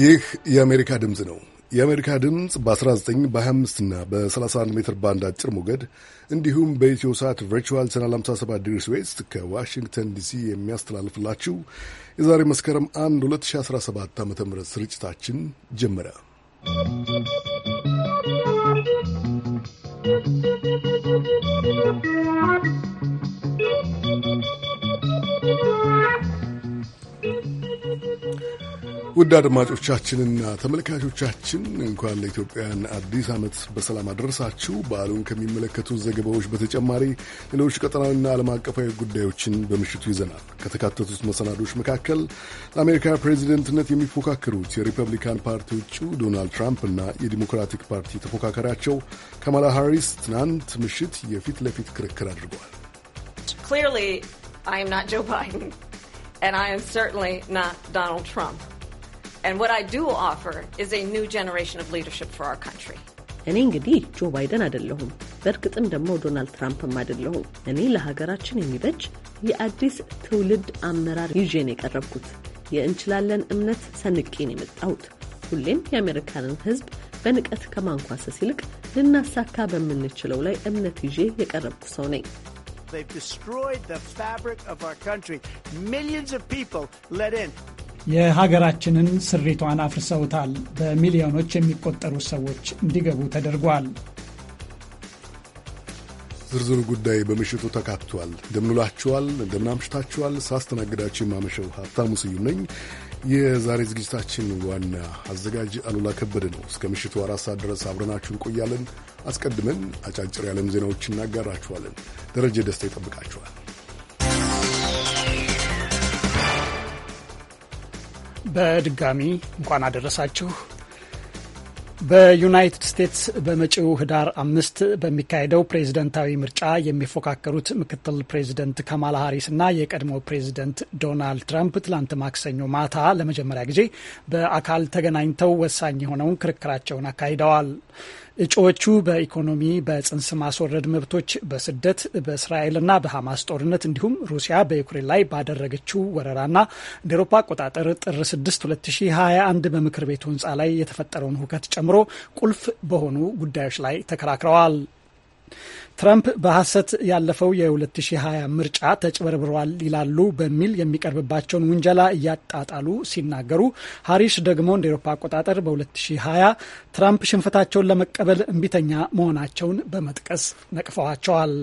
ይህ የአሜሪካ ድምፅ ነው። የአሜሪካ ድምፅ በ19 በ25 እና በ31 ሜትር ባንድ አጭር ሞገድ እንዲሁም በኢትዮ ሰዓት ቨርቹዋል ቻናል 57 ዲግሪስ ዌስት ከዋሽንግተን ዲሲ የሚያስተላልፍላችሁ የዛሬ መስከረም 1 2017 ዓ ም ስርጭታችን ጀመረ። ውድ አድማጮቻችንና ተመልካቾቻችን እንኳን ለኢትዮጵያን አዲስ ዓመት በሰላም አደረሳችሁ። በዓሉን ከሚመለከቱ ዘገባዎች በተጨማሪ ሌሎች ቀጠናዊና ዓለም አቀፋዊ ጉዳዮችን በምሽቱ ይዘናል። ከተካተቱት መሰናዶች መካከል ለአሜሪካ ፕሬዚደንትነት የሚፎካከሩት የሪፐብሊካን ፓርቲ እጩ ዶናልድ ትራምፕ እና የዲሞክራቲክ ፓርቲ ተፎካካሪያቸው ካማላ ሃሪስ ትናንት ምሽት የፊት ለፊት ክርክር አድርገዋል። ክሊ I am not Joe Biden, and I am certainly not And what I do offer is a new generation of leadership for our country. እኔ እንግዲህ ጆ ባይደን አይደለሁም፣ በእርግጥም ደግሞ ዶናልድ ትራምፕም አይደለሁም። እኔ ለሀገራችን የሚበጅ የአዲስ ትውልድ አመራር ይዤን የቀረብኩት የእንችላለን እምነት ሰንቄን የመጣሁት ሁሌም የአሜሪካንን ሕዝብ በንቀት ከማንኳሰስ ይልቅ ልናሳካ በምንችለው ላይ እምነት ይዤ የቀረብኩ ሰው ነኝ። They've destroyed the fabric of our country. Millions of people let in. የሀገራችንን ስሪቷን አፍርሰውታል። በሚሊዮኖች የሚቆጠሩ ሰዎች እንዲገቡ ተደርጓል። ዝርዝሩ ጉዳይ በምሽቱ ተካትቷል። እንደምንላችኋል፣ እንደምናምሽታችኋል። ሳስተናግዳችሁ የማመሸው ሀብታሙ ስዩም ነኝ። የዛሬ ዝግጅታችን ዋና አዘጋጅ አሉላ ከበደ ነው። እስከ ምሽቱ አራት ሰዓት ድረስ አብረናችሁ እንቆያለን። አስቀድመን አጫጭር የዓለም ዜናዎችን እናጋራችኋለን። ደረጀ ደስታ ይጠብቃችኋል። በድጋሚ እንኳን አደረሳችሁ። በዩናይትድ ስቴትስ በመጪው ህዳር አምስት በሚካሄደው ፕሬዝደንታዊ ምርጫ የሚፎካከሩት ምክትል ፕሬዝደንት ካማላ ሀሪስ እና የቀድሞ ፕሬዝደንት ዶናልድ ትራምፕ ትላንት ማክሰኞ ማታ ለመጀመሪያ ጊዜ በአካል ተገናኝተው ወሳኝ የሆነውን ክርክራቸውን አካሂደዋል። እጩዎቹ በኢኮኖሚ፣ በጽንስ ማስወረድ መብቶች፣ በስደት፣ በእስራኤልና በሐማስ ጦርነት እንዲሁም ሩሲያ በዩክሬን ላይ ባደረገችው ወረራና እንደ ኤሮፓ አቆጣጠር ጥር 6 2021 በምክር ቤቱ ህንፃ ላይ የተፈጠረውን ሁከት ጨምሮ ቁልፍ በሆኑ ጉዳዮች ላይ ተከራክረዋል። ትራምፕ በሐሰት ያለፈው የ2020 ምርጫ ተጭበርብሯል ይላሉ በሚል የሚቀርብባቸውን ውንጀላ እያጣጣሉ ሲናገሩ፣ ሀሪስ ደግሞ እንደ ኤሮፓ አቆጣጠር በ2020 ትራምፕ ሽንፈታቸውን ለመቀበል እምቢተኛ መሆናቸውን በመጥቀስ ነቅፈዋቸዋል።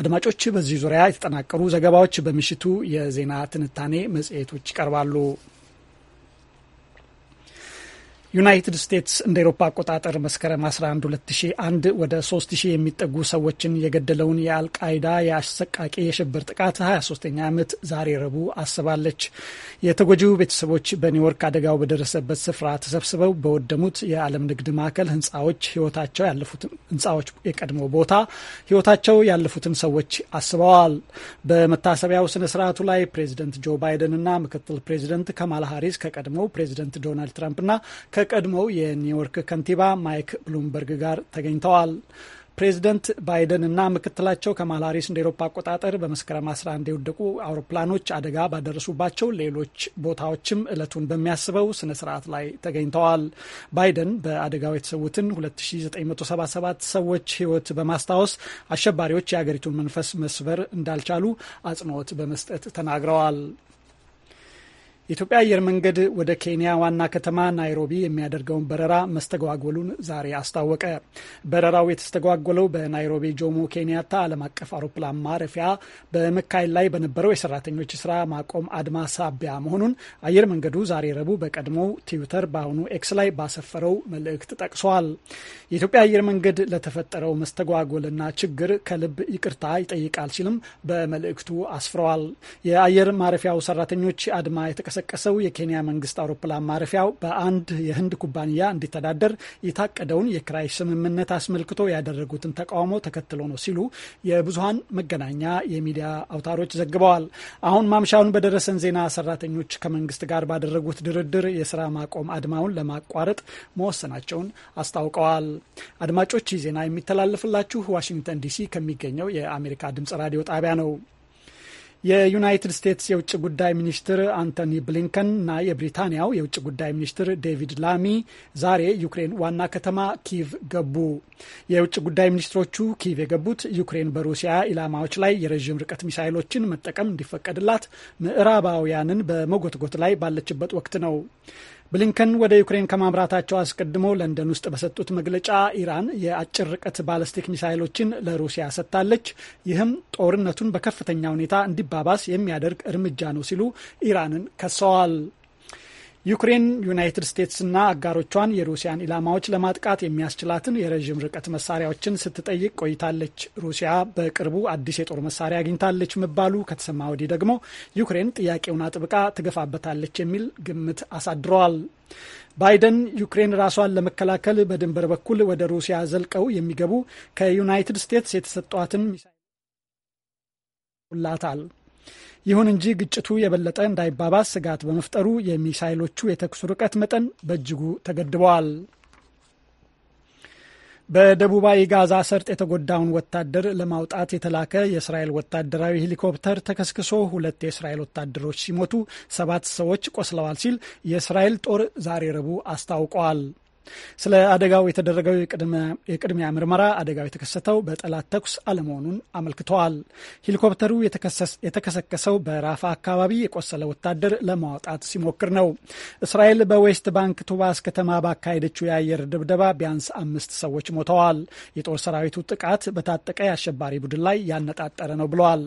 አድማጮች፣ በዚህ ዙሪያ የተጠናቀሩ ዘገባዎች በምሽቱ የዜና ትንታኔ መጽሔቶች ይቀርባሉ። ዩናይትድ ስቴትስ እንደ ኤሮፓ አቆጣጠር መስከረም 11 2001 ወደ 3000 የሚጠጉ ሰዎችን የገደለውን የአልቃይዳ የአሰቃቂ የሽብር ጥቃት 23ኛ ዓመት ዛሬ ረቡዕ አስባለች። የተጎጂው ቤተሰቦች በኒውዮርክ አደጋው በደረሰበት ስፍራ ተሰብስበው በወደሙት የዓለም ንግድ ማዕከል ህንፃዎች ህይወታቸው ያለፉትን ህንፃዎች የቀድሞ ቦታ ህይወታቸው ያለፉትን ሰዎች አስበዋል። በመታሰቢያው ስነ ስርዓቱ ላይ ፕሬዚደንት ጆ ባይደን እና ምክትል ፕሬዚደንት ከማላ ሀሪስ ከቀድሞው ፕሬዚደንት ዶናልድ ትራምፕ እና ከቀድሞው የኒውዮርክ ከንቲባ ማይክ ብሉምበርግ ጋር ተገኝተዋል። ፕሬዚደንት ባይደን እና ምክትላቸው ካማላ ሃሪስ እንደ ኤሮፓ አቆጣጠር በመስከረም 11 የወደቁ አውሮፕላኖች አደጋ ባደረሱባቸው ሌሎች ቦታዎችም እለቱን በሚያስበው ስነ ስርዓት ላይ ተገኝተዋል። ባይደን በአደጋው የተሰዉትን 2977 ሰዎች ህይወት በማስታወስ አሸባሪዎች የአገሪቱን መንፈስ መስበር እንዳልቻሉ አጽንኦት በመስጠት ተናግረዋል። የኢትዮጵያ አየር መንገድ ወደ ኬንያ ዋና ከተማ ናይሮቢ የሚያደርገውን በረራ መስተጓጎሉን ዛሬ አስታወቀ። በረራው የተስተጓጎለው በናይሮቢ ጆሞ ኬንያታ ዓለም አቀፍ አውሮፕላን ማረፊያ በመካሄድ ላይ በነበረው የሰራተኞች ስራ ማቆም አድማ ሳቢያ መሆኑን አየር መንገዱ ዛሬ ረቡዕ በቀድሞው ትዊተር በአሁኑ ኤክስ ላይ ባሰፈረው መልእክት ጠቅሷል። የኢትዮጵያ አየር መንገድ ለተፈጠረው መስተጓጎልና ችግር ከልብ ይቅርታ ይጠይቃል ሲልም በመልእክቱ አስፍረዋል። የአየር ማረፊያው ሰራተኞች አድማ የተቀሰቀሰው የኬንያ መንግስት አውሮፕላን ማረፊያው በአንድ የህንድ ኩባንያ እንዲተዳደር የታቀደውን የክራይ ስምምነት አስመልክቶ ያደረጉትን ተቃውሞ ተከትሎ ነው ሲሉ የብዙሀን መገናኛ የሚዲያ አውታሮች ዘግበዋል። አሁን ማምሻውን በደረሰን ዜና ሰራተኞች ከመንግስት ጋር ባደረጉት ድርድር የስራ ማቆም አድማውን ለማቋረጥ መወሰናቸውን አስታውቀዋል። አድማጮች ይህ ዜና የሚተላለፍላችሁ ዋሽንግተን ዲሲ ከሚገኘው የአሜሪካ ድምጽ ራዲዮ ጣቢያ ነው። የዩናይትድ ስቴትስ የውጭ ጉዳይ ሚኒስትር አንቶኒ ብሊንከን እና የብሪታንያው የውጭ ጉዳይ ሚኒስትር ዴቪድ ላሚ ዛሬ ዩክሬን ዋና ከተማ ኪቭ ገቡ። የውጭ ጉዳይ ሚኒስትሮቹ ኪቭ የገቡት ዩክሬን በሩሲያ ኢላማዎች ላይ የረዥም ርቀት ሚሳይሎችን መጠቀም እንዲፈቀድላት ምዕራባውያንን በመጎትጎት ላይ ባለችበት ወቅት ነው። ብሊንከን ወደ ዩክሬን ከማምራታቸው አስቀድሞ ለንደን ውስጥ በሰጡት መግለጫ ኢራን የአጭር ርቀት ባለስቲክ ሚሳይሎችን ለሩሲያ ሰጥታለች፣ ይህም ጦርነቱን በከፍተኛ ሁኔታ እንዲባባስ የሚያደርግ እርምጃ ነው ሲሉ ኢራንን ከሰዋል። ዩክሬን ዩናይትድ ስቴትስና አጋሮቿን የሩሲያን ኢላማዎች ለማጥቃት የሚያስችላትን የረዥም ርቀት መሳሪያዎችን ስትጠይቅ ቆይታለች። ሩሲያ በቅርቡ አዲስ የጦር መሳሪያ አግኝታለች መባሉ ከተሰማ ወዲህ ደግሞ ዩክሬን ጥያቄውን አጥብቃ ትገፋበታለች የሚል ግምት አሳድረዋል። ባይደን ዩክሬን ራሷን ለመከላከል በድንበር በኩል ወደ ሩሲያ ዘልቀው የሚገቡ ከዩናይትድ ስቴትስ የተሰጧትን ሚሳይል ላታል ይሁን እንጂ ግጭቱ የበለጠ እንዳይባባስ ስጋት በመፍጠሩ የሚሳይሎቹ የተኩስ ርቀት መጠን በእጅጉ ተገድበዋል። በደቡባዊ ጋዛ ሰርጥ የተጎዳውን ወታደር ለማውጣት የተላከ የእስራኤል ወታደራዊ ሄሊኮፕተር ተከስክሶ ሁለት የእስራኤል ወታደሮች ሲሞቱ ሰባት ሰዎች ቆስለዋል ሲል የእስራኤል ጦር ዛሬ ረቡዕ አስታውቀዋል። ስለ አደጋው የተደረገው የቅድሚያ ምርመራ አደጋው የተከሰተው በጠላት ተኩስ አለመሆኑን አመልክተዋል። ሄሊኮፕተሩ የተከሰከሰው በራፋ አካባቢ የቆሰለ ወታደር ለማውጣት ሲሞክር ነው። እስራኤል በዌስት ባንክ ቱባስ ከተማ ባካሄደችው የአየር ድብደባ ቢያንስ አምስት ሰዎች ሞተዋል። የጦር ሰራዊቱ ጥቃት በታጠቀ የአሸባሪ ቡድን ላይ ያነጣጠረ ነው ብለዋል።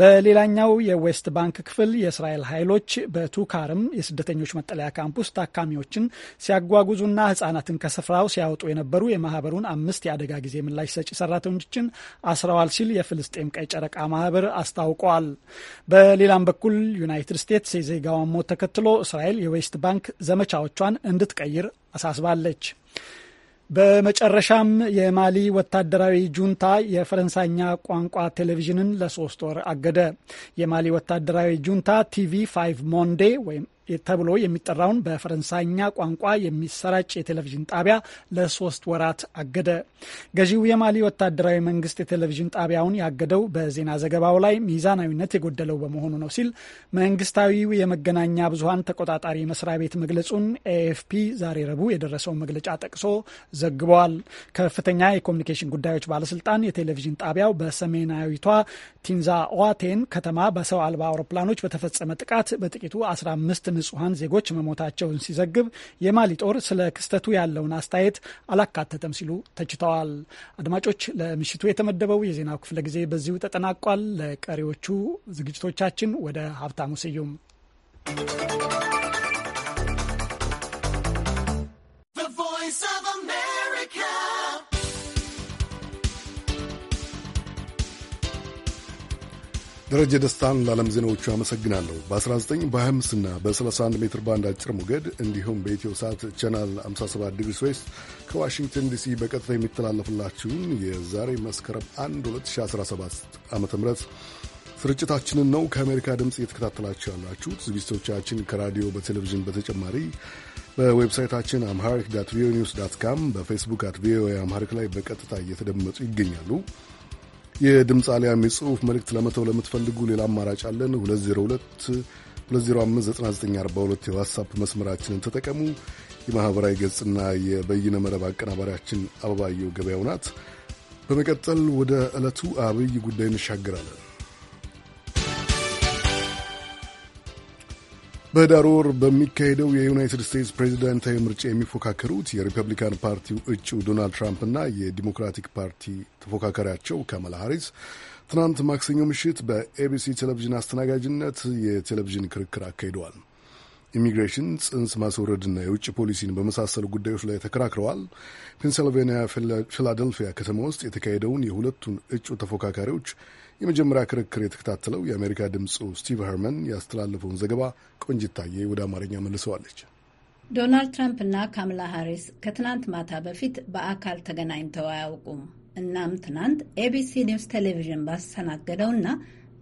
በሌላኛው የዌስት ባንክ ክፍል የእስራኤል ኃይሎች በቱካርም የስደተኞች መጠለያ ካምፕ ውስጥ ታካሚዎችን ሲያጓጉዙና ህጻናትን ከስፍራው ሲያወጡ የነበሩ የማህበሩን አምስት የአደጋ ጊዜ ምላሽ ሰጪ ሰራተኞችን አስረዋል ሲል የፍልስጤም ቀይ ጨረቃ ማህበር አስታውቋል። በሌላም በኩል ዩናይትድ ስቴትስ የዜጋዋን ሞት ተከትሎ እስራኤል የዌስት ባንክ ዘመቻዎቿን እንድትቀይር አሳስባለች። በመጨረሻም የማሊ ወታደራዊ ጁንታ የፈረንሳይኛ ቋንቋ ቴሌቪዥንን ለሶስት ወር አገደ። የማሊ ወታደራዊ ጁንታ ቲቪ ፋይቭ ሞንዴ ወይም ተብሎ የሚጠራውን በፈረንሳይኛ ቋንቋ የሚሰራጭ የቴሌቪዥን ጣቢያ ለሶስት ወራት አገደ። ገዢው የማሊ ወታደራዊ መንግስት የቴሌቪዥን ጣቢያውን ያገደው በዜና ዘገባው ላይ ሚዛናዊነት የጎደለው በመሆኑ ነው ሲል መንግስታዊው የመገናኛ ብዙኃን ተቆጣጣሪ መስሪያ ቤት መግለጹን ኤኤፍፒ ዛሬ ረቡዕ የደረሰውን መግለጫ ጠቅሶ ዘግበዋል። ከፍተኛ የኮሚኒኬሽን ጉዳዮች ባለስልጣን የቴሌቪዥን ጣቢያው በሰሜናዊቷ ዋቴን ከተማ በሰው አልባ አውሮፕላኖች በተፈጸመ ጥቃት በጥቂቱ 15 ንጹሐን ዜጎች መሞታቸውን ሲዘግብ የማሊ ጦር ስለ ክስተቱ ያለውን አስተያየት አላካተተም ሲሉ ተችተዋል። አድማጮች፣ ለምሽቱ የተመደበው የዜናው ክፍለ ጊዜ በዚሁ ተጠናቋል። ለቀሪዎቹ ዝግጅቶቻችን ወደ ሀብታሙ ስዩም ደረጀ ደስታን ለዓለም ዜናዎቹ አመሰግናለሁ። በ19 በ25 እና በ31 ሜትር ባንድ አጭር ሞገድ እንዲሁም በኢትዮ ሳት ቻናል 57 ዲግሪ ዌስት ከዋሽንግተን ዲሲ በቀጥታ የሚተላለፍላችሁን የዛሬ መስከረም 1 2017 ዓ ም ስርጭታችንን ነው ከአሜሪካ ድምፅ እየተከታተላችሁ ያላችሁት። ዝግጅቶቻችን ከራዲዮ በቴሌቪዥን በተጨማሪ በዌብሳይታችን አምሃሪክ ዳት ቪኦኤ ኒውስ ዳት ካም በፌስቡክ አት ቪኦኤ አምሃሪክ ላይ በቀጥታ እየተደመጡ ይገኛሉ። የድምፅ አሊያም የጽሑፍ መልእክት ለመተው ለምትፈልጉ ሌላ አማራጭ አለን። 2022059942 የዋትሳፕ መስመራችንን ተጠቀሙ። የማኅበራዊ ገጽና የበይነ መረብ አቀናባሪያችን አበባየው ገበያው ናት። በመቀጠል ወደ ዕለቱ አብይ ጉዳይ እንሻገራለን። በህዳር ወር በሚካሄደው የዩናይትድ ስቴትስ ፕሬዚዳንታዊ ምርጫ የሚፎካከሩት የሪፐብሊካን ፓርቲው እጩ ዶናልድ ትራምፕ እና የዲሞክራቲክ ፓርቲ ተፎካካሪያቸው ካማላ ሃሪስ ትናንት ማክሰኞ ምሽት በኤቢሲ ቴሌቪዥን አስተናጋጅነት የቴሌቪዥን ክርክር አካሂደዋል። ኢሚግሬሽን፣ ጽንስ ማስወረድና የውጭ ፖሊሲን በመሳሰሉ ጉዳዮች ላይ ተከራክረዋል። ፔንስልቬንያ ፊላደልፊያ ከተማ ውስጥ የተካሄደውን የሁለቱን እጩ ተፎካካሪዎች የመጀመሪያ ክርክር የተከታተለው የአሜሪካ ድምፁ ስቲቭ ሀርመን ያስተላለፈውን ዘገባ ቆንጅታዬ ወደ አማርኛ መልሰዋለች። ዶናልድ ትራምፕ እና ካምላ ሃሪስ ከትናንት ማታ በፊት በአካል ተገናኝተው አያውቁም። እናም ትናንት ኤቢሲ ኒውስ ቴሌቪዥን ባስተናገደውና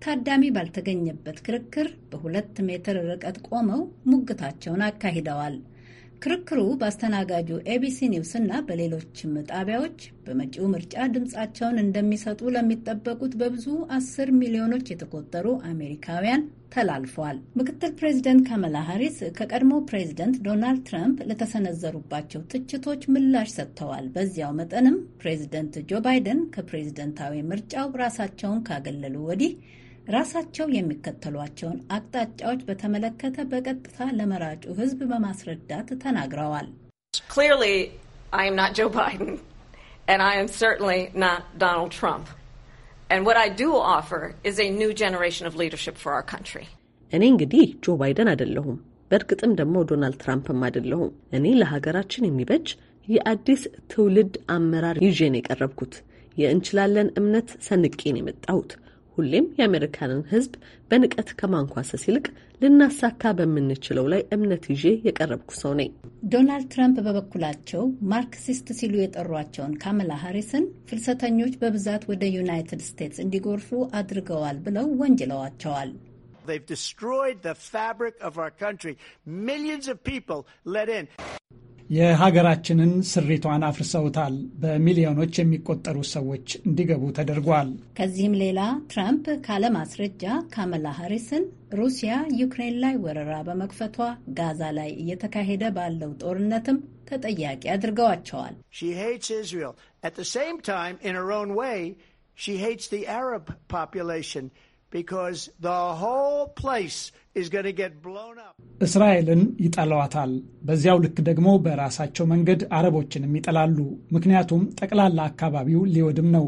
ታዳሚ ባልተገኘበት ክርክር በሁለት ሜትር ርቀት ቆመው ሙግታቸውን አካሂደዋል። ክርክሩ በአስተናጋጁ ኤቢሲ ኒውስ እና በሌሎችም ጣቢያዎች በመጪው ምርጫ ድምፃቸውን እንደሚሰጡ ለሚጠበቁት በብዙ አስር ሚሊዮኖች የተቆጠሩ አሜሪካውያን ተላልፏል። ምክትል ፕሬዚደንት ካመላ ሃሪስ ከቀድሞ ፕሬዚደንት ዶናልድ ትራምፕ ለተሰነዘሩባቸው ትችቶች ምላሽ ሰጥተዋል። በዚያው መጠንም ፕሬዚደንት ጆ ባይደን ከፕሬዚደንታዊ ምርጫው ራሳቸውን ካገለሉ ወዲህ ራሳቸው የሚከተሏቸውን አቅጣጫዎች በተመለከተ በቀጥታ ለመራጩ ሕዝብ በማስረዳት ተናግረዋል። እኔ እንግዲህ ጆ ባይደን አይደለሁም፣ በእርግጥም ደግሞ ዶናልድ ትራምፕም አይደለሁም። እኔ ለሀገራችን የሚበጅ የአዲስ ትውልድ አመራር ይዤ ነው የቀረብኩት። የእንችላለን እምነት ሰንቄ ነው የመጣሁት። ሁሌም የአሜሪካንን ሕዝብ በንቀት ከማንኳሰስ ይልቅ ልናሳካ በምንችለው ላይ እምነት ይዤ የቀረብኩ ሰው ነኝ። ዶናልድ ትራምፕ በበኩላቸው ማርክሲስት ሲሉ የጠሯቸውን ካመላ ሃሪስን ፍልሰተኞች በብዛት ወደ ዩናይትድ ስቴትስ እንዲጎርፉ አድርገዋል ብለው ወንጅለዋቸዋል። የሀገራችንን ስሪቷን አፍርሰውታል፣ በሚሊዮኖች የሚቆጠሩ ሰዎች እንዲገቡ ተደርጓል። ከዚህም ሌላ ትራምፕ ካለማስረጃ ካመላ ሀሪስን ሩሲያ ዩክሬን ላይ ወረራ በመክፈቷ ጋዛ ላይ እየተካሄደ ባለው ጦርነትም ተጠያቂ አድርገዋቸዋል። ሪ እስራኤልን ይጠሏታል። በዚያው ልክ ደግሞ በራሳቸው መንገድ አረቦችንም ይጠላሉ። ምክንያቱም ጠቅላላ አካባቢው ሊወድም ነው።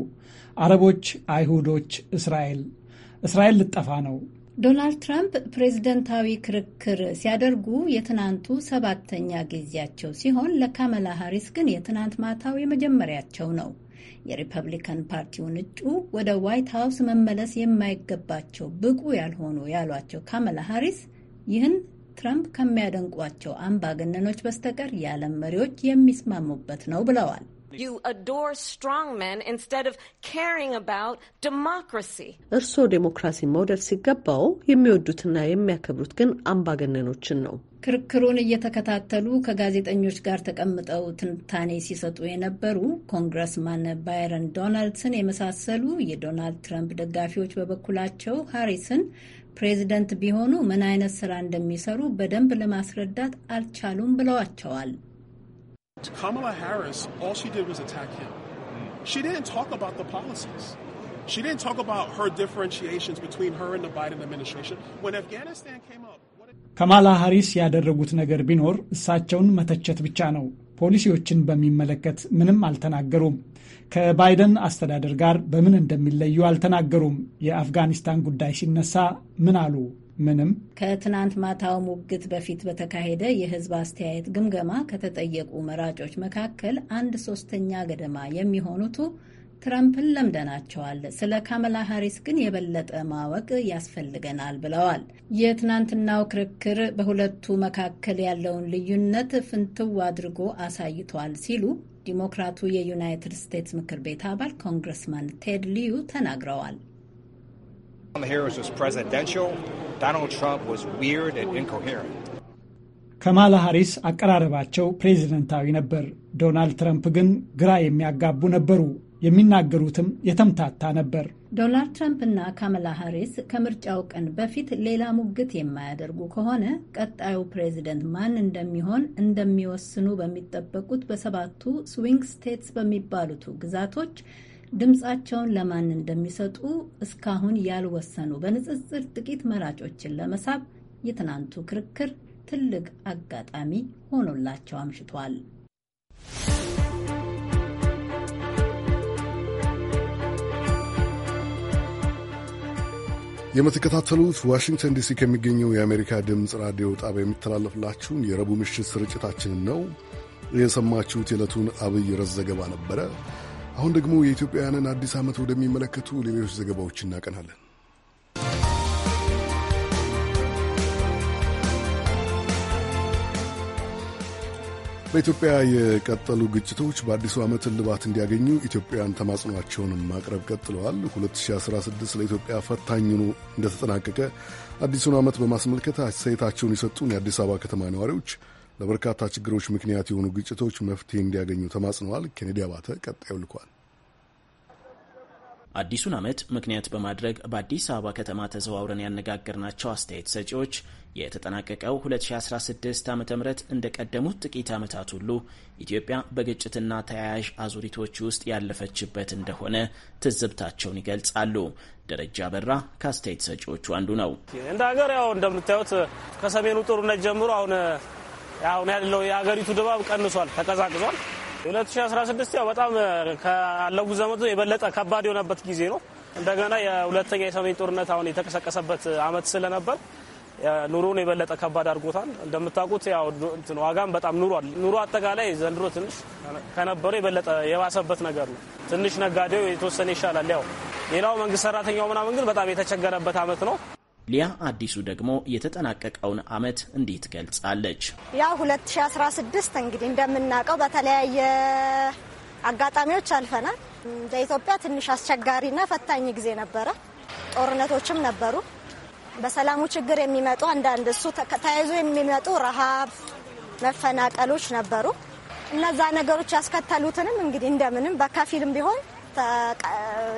አረቦች፣ አይሁዶች፣ እስራኤል እስራኤል ልጠፋ ነው። ዶናልድ ትራምፕ ፕሬዝደንታዊ ክርክር ሲያደርጉ የትናንቱ ሰባተኛ ጊዜያቸው ሲሆን ለካመላ ሀሪስ ግን የትናንት ማታው የመጀመሪያቸው ነው። የሪፐብሊካን ፓርቲውን እጩ ወደ ዋይት ሀውስ መመለስ የማይገባቸው ብቁ ያልሆኑ ያሏቸው ካመላ ሃሪስ ይህን ትራምፕ ከሚያደንቋቸው አምባገነኖች በስተቀር የዓለም መሪዎች የሚስማሙበት ነው ብለዋል። እርስዎ ዴሞክራሲ መውደድ ሲገባው የሚወዱትና የሚያከብሩት ግን አምባገነኖችን ነው። ክርክሩን እየተከታተሉ ከጋዜጠኞች ጋር ተቀምጠው ትንታኔ ሲሰጡ የነበሩ ኮንግረስማን ባይረን ዶናልድስን የመሳሰሉ የዶናልድ ትራምፕ ደጋፊዎች በበኩላቸው ሃሪስን ፕሬዚደንት ቢሆኑ ምን አይነት ስራ እንደሚሰሩ በደንብ ለማስረዳት አልቻሉም ብለዋቸዋል። She didn't talk about her differentiations between her and the Biden administration. When Afghanistan came up, ከማላ ሀሪስ ያደረጉት ነገር ቢኖር እሳቸውን መተቸት ብቻ ነው። ፖሊሲዎችን በሚመለከት ምንም አልተናገሩም። ከባይደን አስተዳደር ጋር በምን እንደሚለዩ አልተናገሩም። የአፍጋኒስታን ጉዳይ ሲነሳ ምን አሉ? ምንም። ከትናንት ማታው ሙግት በፊት በተካሄደ የህዝብ አስተያየት ግምገማ ከተጠየቁ መራጮች መካከል አንድ ሶስተኛ ገደማ የሚሆኑቱ ትረምፕን ለምደናቸዋል፣ ስለ ካመላ ሃሪስ ግን የበለጠ ማወቅ ያስፈልገናል ብለዋል። የትናንትናው ክርክር በሁለቱ መካከል ያለውን ልዩነት ፍንትው አድርጎ አሳይቷል ሲሉ ዲሞክራቱ የዩናይትድ ስቴትስ ምክር ቤት አባል ኮንግረስማን ቴድ ሊዩ ተናግረዋል። ካማላ ሃሪስ አቀራረባቸው ፕሬዚደንታዊ ነበር። ዶናልድ ትራምፕ ግን ግራ የሚያጋቡ ነበሩ። የሚናገሩትም የተምታታ ነበር። ዶናልድ ትራምፕ እና ካመላ ሃሪስ ከምርጫው ቀን በፊት ሌላ ሙግት የማያደርጉ ከሆነ ቀጣዩ ፕሬዚደንት ማን እንደሚሆን እንደሚወስኑ በሚጠበቁት በሰባቱ ስዊንግ ስቴትስ በሚባሉቱ ግዛቶች ድምፃቸውን ለማን እንደሚሰጡ እስካሁን ያልወሰኑ በንጽጽር ጥቂት መራጮችን ለመሳብ የትናንቱ ክርክር ትልቅ አጋጣሚ ሆኖላቸው አምሽቷል። የምትከታተሉት ዋሽንግተን ዲሲ ከሚገኘው የአሜሪካ ድምፅ ራዲዮ ጣቢያ የሚተላለፍላችሁን የረቡዕ ምሽት ስርጭታችንን ነው። የሰማችሁት የዕለቱን አብይ ርዕስ ዘገባ ነበረ። አሁን ደግሞ የኢትዮጵያውያንን አዲስ ዓመት ወደሚመለከቱ ሌሎች ዘገባዎች እናቀናለን። በኢትዮጵያ የቀጠሉ ግጭቶች በአዲሱ ዓመት እልባት እንዲያገኙ ኢትዮጵያውያን ተማጽኗቸውን ማቅረብ ቀጥለዋል። 2016 ለኢትዮጵያ ፈታኝ ሆኖ እንደተጠናቀቀ አዲሱን ዓመት በማስመልከት አስተያየታቸውን የሰጡን የአዲስ አበባ ከተማ ነዋሪዎች ለበርካታ ችግሮች ምክንያት የሆኑ ግጭቶች መፍትሄ እንዲያገኙ ተማጽነዋል። ኬኔዲ አባተ ቀጣዩ ልኳል። አዲሱን ዓመት ምክንያት በማድረግ በአዲስ አበባ ከተማ ተዘዋውረን ያነጋገርናቸው አስተያየት ሰጪዎች የተጠናቀቀው 2016 ዓ ም እንደ ቀደሙት ጥቂት ዓመታት ሁሉ ኢትዮጵያ በግጭትና ተያያዥ አዙሪቶች ውስጥ ያለፈችበት እንደሆነ ትዝብታቸውን ይገልጻሉ። ደረጃ በራ ከአስተያየት ሰጪዎቹ አንዱ ነው። እንደ ሀገር ያው እንደምታዩት ከሰሜኑ ጦርነት ጀምሮ አሁን ያለው የሀገሪቱ ድባብ ቀንሷል፣ ተቀዛቅዟል። 2016 ያው በጣም ካለፉት ዘመቱ የበለጠ ከባድ የሆነበት ጊዜ ነው። እንደገና የሁለተኛ የሰሜን ጦርነት አሁን የተቀሰቀሰበት አመት ስለነበር ኑሮን የበለጠ ከባድ አድርጎታል። እንደምታውቁት ያው ዋጋም በጣም ኑሯል። ኑሮ አጠቃላይ ዘንድሮ ትንሽ ከነበረው የበለጠ የባሰበት ነገር ነው። ትንሽ ነጋዴው የተወሰነ ይሻላል። ያው ሌላው መንግስት ሰራተኛው ምናምን ግን በጣም የተቸገረበት አመት ነው። ሊያ አዲሱ ደግሞ የተጠናቀቀውን አመት እንዲህ ትገልጻለች። ያ 2016 እንግዲህ እንደምናውቀው በተለያየ አጋጣሚዎች አልፈናል። ለኢትዮጵያ ትንሽ አስቸጋሪና ፈታኝ ጊዜ ነበረ። ጦርነቶችም ነበሩ። በሰላሙ ችግር የሚመጡ አንዳንድ እሱ ተያይዞ የሚመጡ ረሃብ፣ መፈናቀሎች ነበሩ። እነዛ ነገሮች ያስከተሉትንም እንግዲህ እንደምንም በከፊልም ቢሆን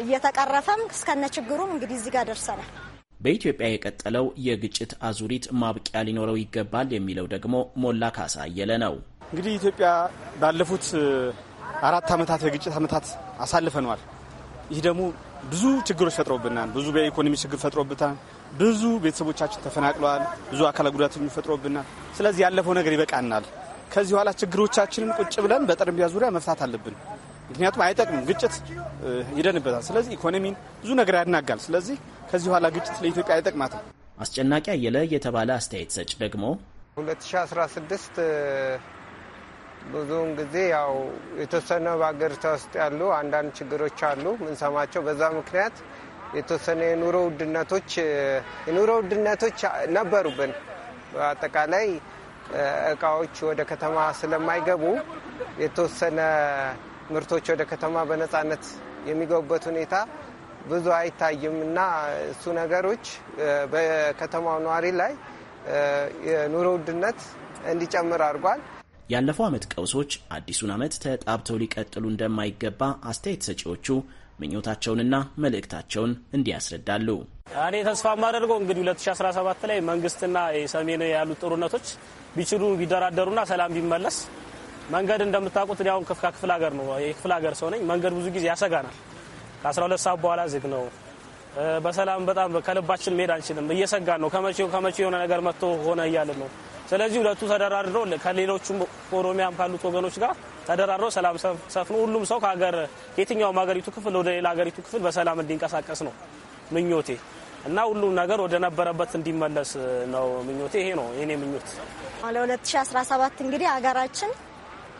እየተቀረፈም እስከነ ችግሩም እንግዲህ እዚህ ጋር ደርሰናል። በኢትዮጵያ የቀጠለው የግጭት አዙሪት ማብቂያ ሊኖረው ይገባል የሚለው ደግሞ ሞላ ካሳ አየለ ነው። እንግዲህ ኢትዮጵያ ባለፉት አራት ዓመታት የግጭት ዓመታት አሳልፈነዋል። ይህ ደግሞ ብዙ ችግሮች ፈጥሮብናል። ብዙ በኢኮኖሚ ችግር ፈጥሮብናል። ብዙ ቤተሰቦቻችን ተፈናቅለዋል። ብዙ አካል ጉዳተኞች ፈጥሮብናል። ስለዚህ ያለፈው ነገር ይበቃናል። ከዚህ በኋላ ችግሮቻችንን ቁጭ ብለን በጠረጴዛ ዙሪያ መፍታት አለብን። ምክንያቱም አይጠቅምም። ግጭት ይደንበታል። ስለዚህ ኢኮኖሚን ብዙ ነገር ያናጋል። ስለዚህ ከዚህ በኋላ ግጭት ለኢትዮጵያ አይጠቅማትም። አስጨናቂ አየለ የተባለ አስተያየት ሰጭ ደግሞ 2016 ብዙውን ጊዜ ያው የተወሰነ በሀገሪቷ ውስጥ ያሉ አንዳንድ ችግሮች አሉ ምንሰማቸው። በዛ ምክንያት የተወሰነ የኑሮ ውድነቶች የኑሮ ውድነቶች ነበሩብን። በአጠቃላይ እቃዎች ወደ ከተማ ስለማይገቡ የተወሰነ ምርቶች ወደ ከተማ በነፃነት የሚገቡበት ሁኔታ ብዙ አይታይም እና እሱ ነገሮች በከተማው ነዋሪ ላይ የኑሮ ውድነት እንዲጨምር አድርጓል። ያለፈው ዓመት ቀውሶች አዲሱን ዓመት ተጣብተው ሊቀጥሉ እንደማይገባ አስተያየት ሰጪዎቹ ምኞታቸውንና መልእክታቸውን እንዲያስረዳሉ። እኔ ተስፋ የማደርገው እንግዲህ 2017 ላይ መንግስትና ሰሜን ያሉት ጦርነቶች ቢችሉ ቢደራደሩና ሰላም ቢመለስ መንገድ እንደምታውቁት እኔ አሁን ከክፍለ ሀገር ነው የክፍለ ሀገር ሰው ነኝ። መንገድ ብዙ ጊዜ ያሰጋናል። ከ12 ሰዓት በኋላ ዝግ ነው። በሰላም በጣም ከልባችን መሄድ አንችልም። እየሰጋን ነው። ከመቼው ከመቼው የሆነ ነገር መጥቶ ሆነ እያልን ነው። ስለዚህ ሁለቱ ተደራድሮ ከሌሎቹም ኦሮሚያም ካሉት ወገኖች ጋር ተደራድሮ ሰላም ሰፍኖ ሁሉም ሰው ከሀገር ከየትኛውም ሀገሪቱ ክፍል ወደ ሌላ ሀገሪቱ ክፍል በሰላም እንዲንቀሳቀስ ነው ምኞቴ እና ሁሉም ነገር ወደ ነበረበት እንዲመለስ ነው ምኞቴ። ይሄ ነው የኔ ምኞት። ለ2017 እንግዲህ ሀገራችን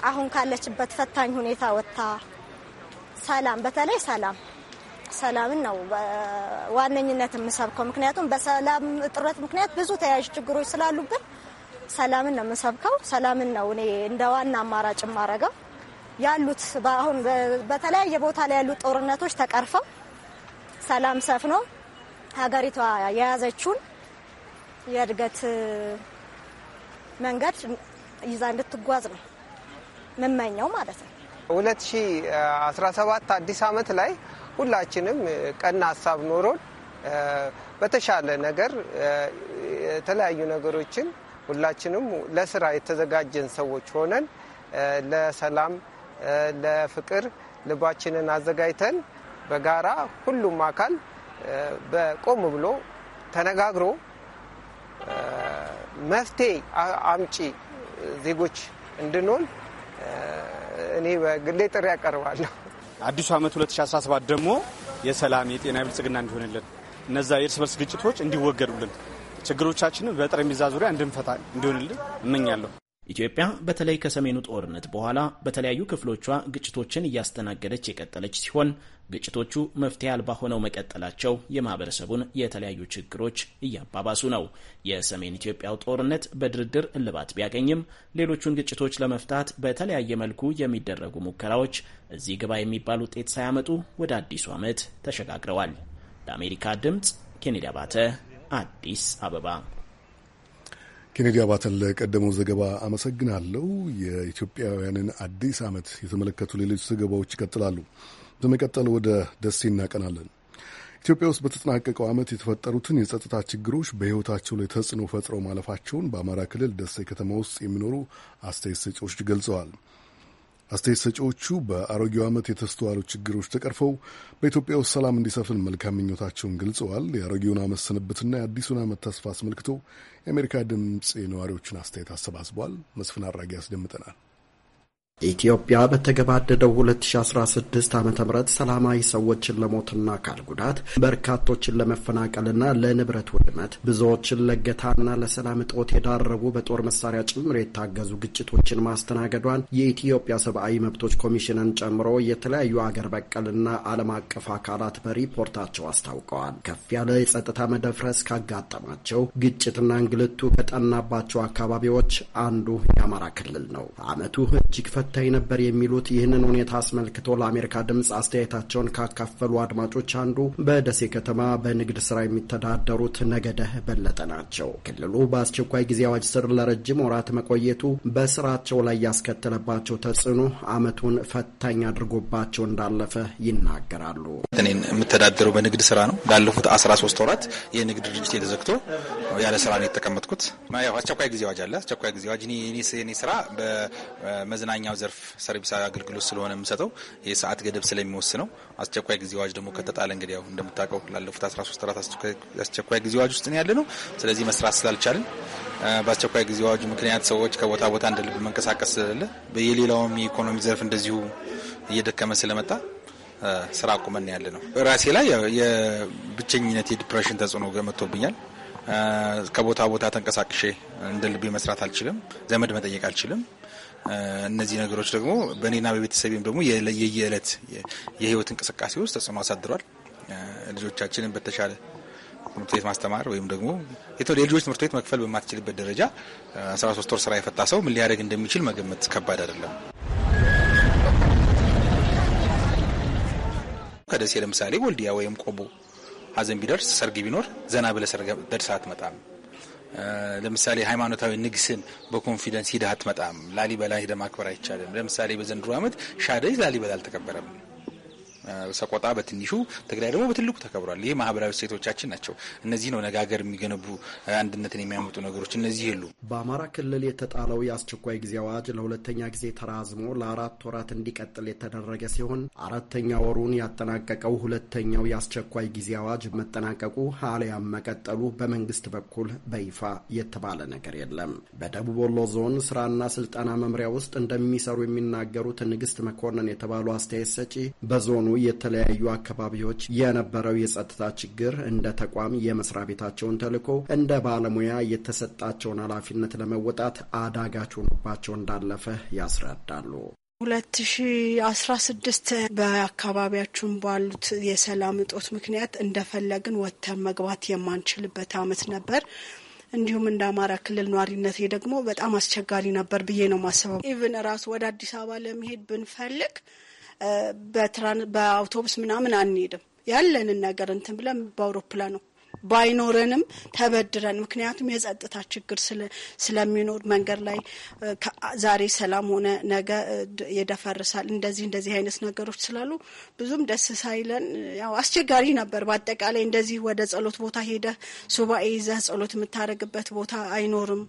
አሁን ካለችበት ፈታኝ ሁኔታ ወጥታ ሰላም፣ በተለይ ሰላም ሰላምን ነው ዋነኝነት የምሰብከው። ምክንያቱም በሰላም እጥረት ምክንያት ብዙ ተያያዥ ችግሮች ስላሉብን ሰላምን ነው የምሰብከው። ሰላምን ነው እኔ እንደ ዋና አማራጭ የማረገው። ያሉት አሁን በተለያየ ቦታ ላይ ያሉት ጦርነቶች ተቀርፈው ሰላም ሰፍኖ ሀገሪቷ የያዘችውን የእድገት መንገድ ይዛ እንድትጓዝ ነው። የምመኘው ማለት ነው። 2017 አዲስ ዓመት ላይ ሁላችንም ቀና ሀሳብ ኖሮን በተሻለ ነገር የተለያዩ ነገሮችን ሁላችንም ለስራ የተዘጋጀን ሰዎች ሆነን ለሰላም፣ ለፍቅር ልባችንን አዘጋጅተን በጋራ ሁሉም አካል በቆም ብሎ ተነጋግሮ መፍትሄ አምጪ ዜጎች እንድንሆን እኔ በግሌ ጥሪ ያቀርባለሁ። አዲሱ ዓመት 2017 ደግሞ የሰላም የጤና ብልጽግና እንዲሆንልን እነዛ የእርስ በርስ ግጭቶች እንዲወገዱልን ችግሮቻችንን በጠረጴዛ ዙሪያ እንድንፈታ እንዲሆንልን እመኛለሁ። ኢትዮጵያ በተለይ ከሰሜኑ ጦርነት በኋላ በተለያዩ ክፍሎቿ ግጭቶችን እያስተናገደች የቀጠለች ሲሆን ግጭቶቹ መፍትሄ አልባ ሆነው መቀጠላቸው የማህበረሰቡን የተለያዩ ችግሮች እያባባሱ ነው። የሰሜን ኢትዮጵያው ጦርነት በድርድር እልባት ቢያገኝም ሌሎቹን ግጭቶች ለመፍታት በተለያየ መልኩ የሚደረጉ ሙከራዎች እዚህ ግባ የሚባል ውጤት ሳያመጡ ወደ አዲሱ ዓመት ተሸጋግረዋል። ለአሜሪካ ድምፅ ኬኔዲ አባተ አዲስ አበባ ኬኔዲ አባተን ለቀደመው ዘገባ አመሰግናለሁ። የኢትዮጵያውያንን አዲስ ዓመት የተመለከቱ ሌሎች ዘገባዎች ይቀጥላሉ። በመቀጠል ወደ ደሴ እናቀናለን። ኢትዮጵያ ውስጥ በተጠናቀቀው ዓመት የተፈጠሩትን የጸጥታ ችግሮች በሕይወታቸው ላይ ተጽዕኖ ፈጥረው ማለፋቸውን በአማራ ክልል ደሴ ከተማ ውስጥ የሚኖሩ አስተያየት ሰጪዎች ገልጸዋል። አስተያየት ሰጪዎቹ በአሮጌው ዓመት የተስተዋሉ ችግሮች ተቀርፈው በኢትዮጵያ ውስጥ ሰላም እንዲሰፍን መልካም ምኞታቸውን ገልጸዋል። የአሮጌውን ዓመት ስንብትና የአዲሱን ዓመት ተስፋ አስመልክቶ የአሜሪካ ድምፅ የነዋሪዎችን አስተያየት አሰባስቧል። መስፍን አራጌ ያስደምጠናል። ኢትዮጵያ በተገባደደው 2016 ዓ ም ሰላማዊ ሰዎችን ለሞትና አካል ጉዳት በርካቶችን ለመፈናቀልና ለንብረት ውድመት ብዙዎችን ለገታና ለሰላም እጦት የዳረጉ በጦር መሳሪያ ጭምር የታገዙ ግጭቶችን ማስተናገዷን የኢትዮጵያ ሰብአዊ መብቶች ኮሚሽንን ጨምሮ የተለያዩ አገር በቀልና ዓለም አቀፍ አካላት በሪፖርታቸው አስታውቀዋል። ከፍ ያለ የጸጥታ መደፍረስ ካጋጠማቸው ግጭትና እንግልቱ ከጠናባቸው አካባቢዎች አንዱ የአማራ ክልል ነው። አመቱ እጅግ ተከታይ ነበር የሚሉት ይህንን ሁኔታ አስመልክቶ ለአሜሪካ ድምፅ አስተያየታቸውን ካካፈሉ አድማጮች አንዱ በደሴ ከተማ በንግድ ስራ የሚተዳደሩት ነገደህ በለጠ ናቸው። ክልሉ በአስቸኳይ ጊዜ አዋጅ ስር ለረጅም ወራት መቆየቱ በስራቸው ላይ ያስከተለባቸው ተጽዕኖ አመቱን ፈታኝ አድርጎባቸው እንዳለፈ ይናገራሉ። እኔ የምተዳደረው በንግድ ስራ ነው። ላለፉት 13 ወራት የንግድ ድርጅት የተዘግቶ ያለ ስራ ነው የተቀመጥኩት። አስቸኳይ ጊዜ አዋጅ አለ። አስቸኳይ ጊዜ አዋጅ እኔ ስራ በመዝናኛው ዘርፍ ሰርቪስ አገልግሎት ስለሆነ የምሰጠው የሰዓት ገደብ ስለሚወስነው አስቸኳይ ጊዜ አዋጅ ደግሞ ከተጣለ እንግዲህ ያው እንደምታውቀው ላለፉት 13 ወራት አስቸኳይ ጊዜ አዋጅ ውስጥ ያለ ነው። ስለዚህ መስራት ስላልቻልን በአስቸኳይ ጊዜ አዋጁ ምክንያት ሰዎች ከቦታ ቦታ እንደ ልብ መንቀሳቀስ ስለሌለ በየሌላውም የኢኮኖሚ ዘርፍ እንደዚሁ እየደከመ ስለመጣ ስራ አቁመን ያለ ነው። ራሴ ላይ የብቸኝነት የዲፕሬሽን ተጽዕኖ መጥቶብኛል። ከቦታ ቦታ ተንቀሳቅሼ እንደ ልቤ መስራት አልችልም። ዘመድ መጠየቅ አልችልም። እነዚህ ነገሮች ደግሞ በእኔና በቤተሰቤም ደግሞ የየዕለት የህይወት እንቅስቃሴ ውስጥ ተጽዕኖ አሳድሯል። ልጆቻችንን በተሻለ ትምህርት ቤት ማስተማር ወይም ደግሞ የልጆች ትምህርት ቤት መክፈል በማትችልበት ደረጃ 13 ወር ስራ የፈታ ሰው ምን ሊያደርግ እንደሚችል መገመት ከባድ አይደለም። ከደሴ ለምሳሌ ወልዲያ ወይም ቆቦ ሀዘን ቢደርስ ሰርግ ቢኖር ዘና ብለ ሰርግ ደርሰህ አትመጣም። ለምሳሌ ሃይማኖታዊ ንግስን በኮንፊደንስ ሂደህ አትመጣም። ላሊበላ ሂደህ ማክበር አይቻልም። ለምሳሌ በዘንድሮ ዓመት ሻደይ ላሊበላ አልተከበረም። ሰቆጣ በትንሹ ትግራይ ደግሞ በትልቁ ተከብሯል። ይህ ማህበራዊ እሴቶቻችን ናቸው። እነዚህ ነው ነጋገር የሚገነቡ አንድነትን የሚያመጡ ነገሮች እነዚህ የሉ። በአማራ ክልል የተጣለው የአስቸኳይ ጊዜ አዋጅ ለሁለተኛ ጊዜ ተራዝሞ ለአራት ወራት እንዲቀጥል የተደረገ ሲሆን አራተኛ ወሩን ያጠናቀቀው ሁለተኛው የአስቸኳይ ጊዜ አዋጅ መጠናቀቁ አሊያም መቀጠሉ በመንግስት በኩል በይፋ የተባለ ነገር የለም። በደቡብ ወሎ ዞን ስራና ስልጠና መምሪያ ውስጥ እንደሚሰሩ የሚናገሩት ንግስት መኮንን የተባሉ አስተያየት ሰጪ በዞኑ የተለያዩ አካባቢዎች የነበረው የጸጥታ ችግር እንደ ተቋም የመስሪያ ቤታቸውን ተልዕኮ እንደ ባለሙያ የተሰጣቸውን ኃላፊነት ለመወጣት አዳጋች ሆኖባቸው እንዳለፈ ያስረዳሉ። ሁለት ሺ አስራ ስድስት በአካባቢያችን ባሉት የሰላም እጦት ምክንያት እንደፈለግን ወጥተን መግባት የማንችልበት አመት ነበር። እንዲሁም እንደ አማራ ክልል ነዋሪነት ደግሞ በጣም አስቸጋሪ ነበር ብዬ ነው ማስበው። ኢቭን ራሱ ወደ አዲስ አበባ ለመሄድ ብንፈልግ በአውቶቡስ ምናምን አንሄድም። ያለንን ነገር እንትን ብለን በአውሮፕላን ነው ባይኖረንም ተበድረን ምክንያቱም የጸጥታ ችግር ስለሚኖር መንገድ ላይ ዛሬ ሰላም ሆነ ነገ ይደፈርሳል። እንደዚህ እንደዚህ አይነት ነገሮች ስላሉ ብዙም ደስ ሳይለን ያው አስቸጋሪ ነበር። በአጠቃላይ እንደዚህ ወደ ጸሎት ቦታ ሄደህ ሱባኤ ይዘህ ጸሎት የምታደርግበት ቦታ አይኖርም።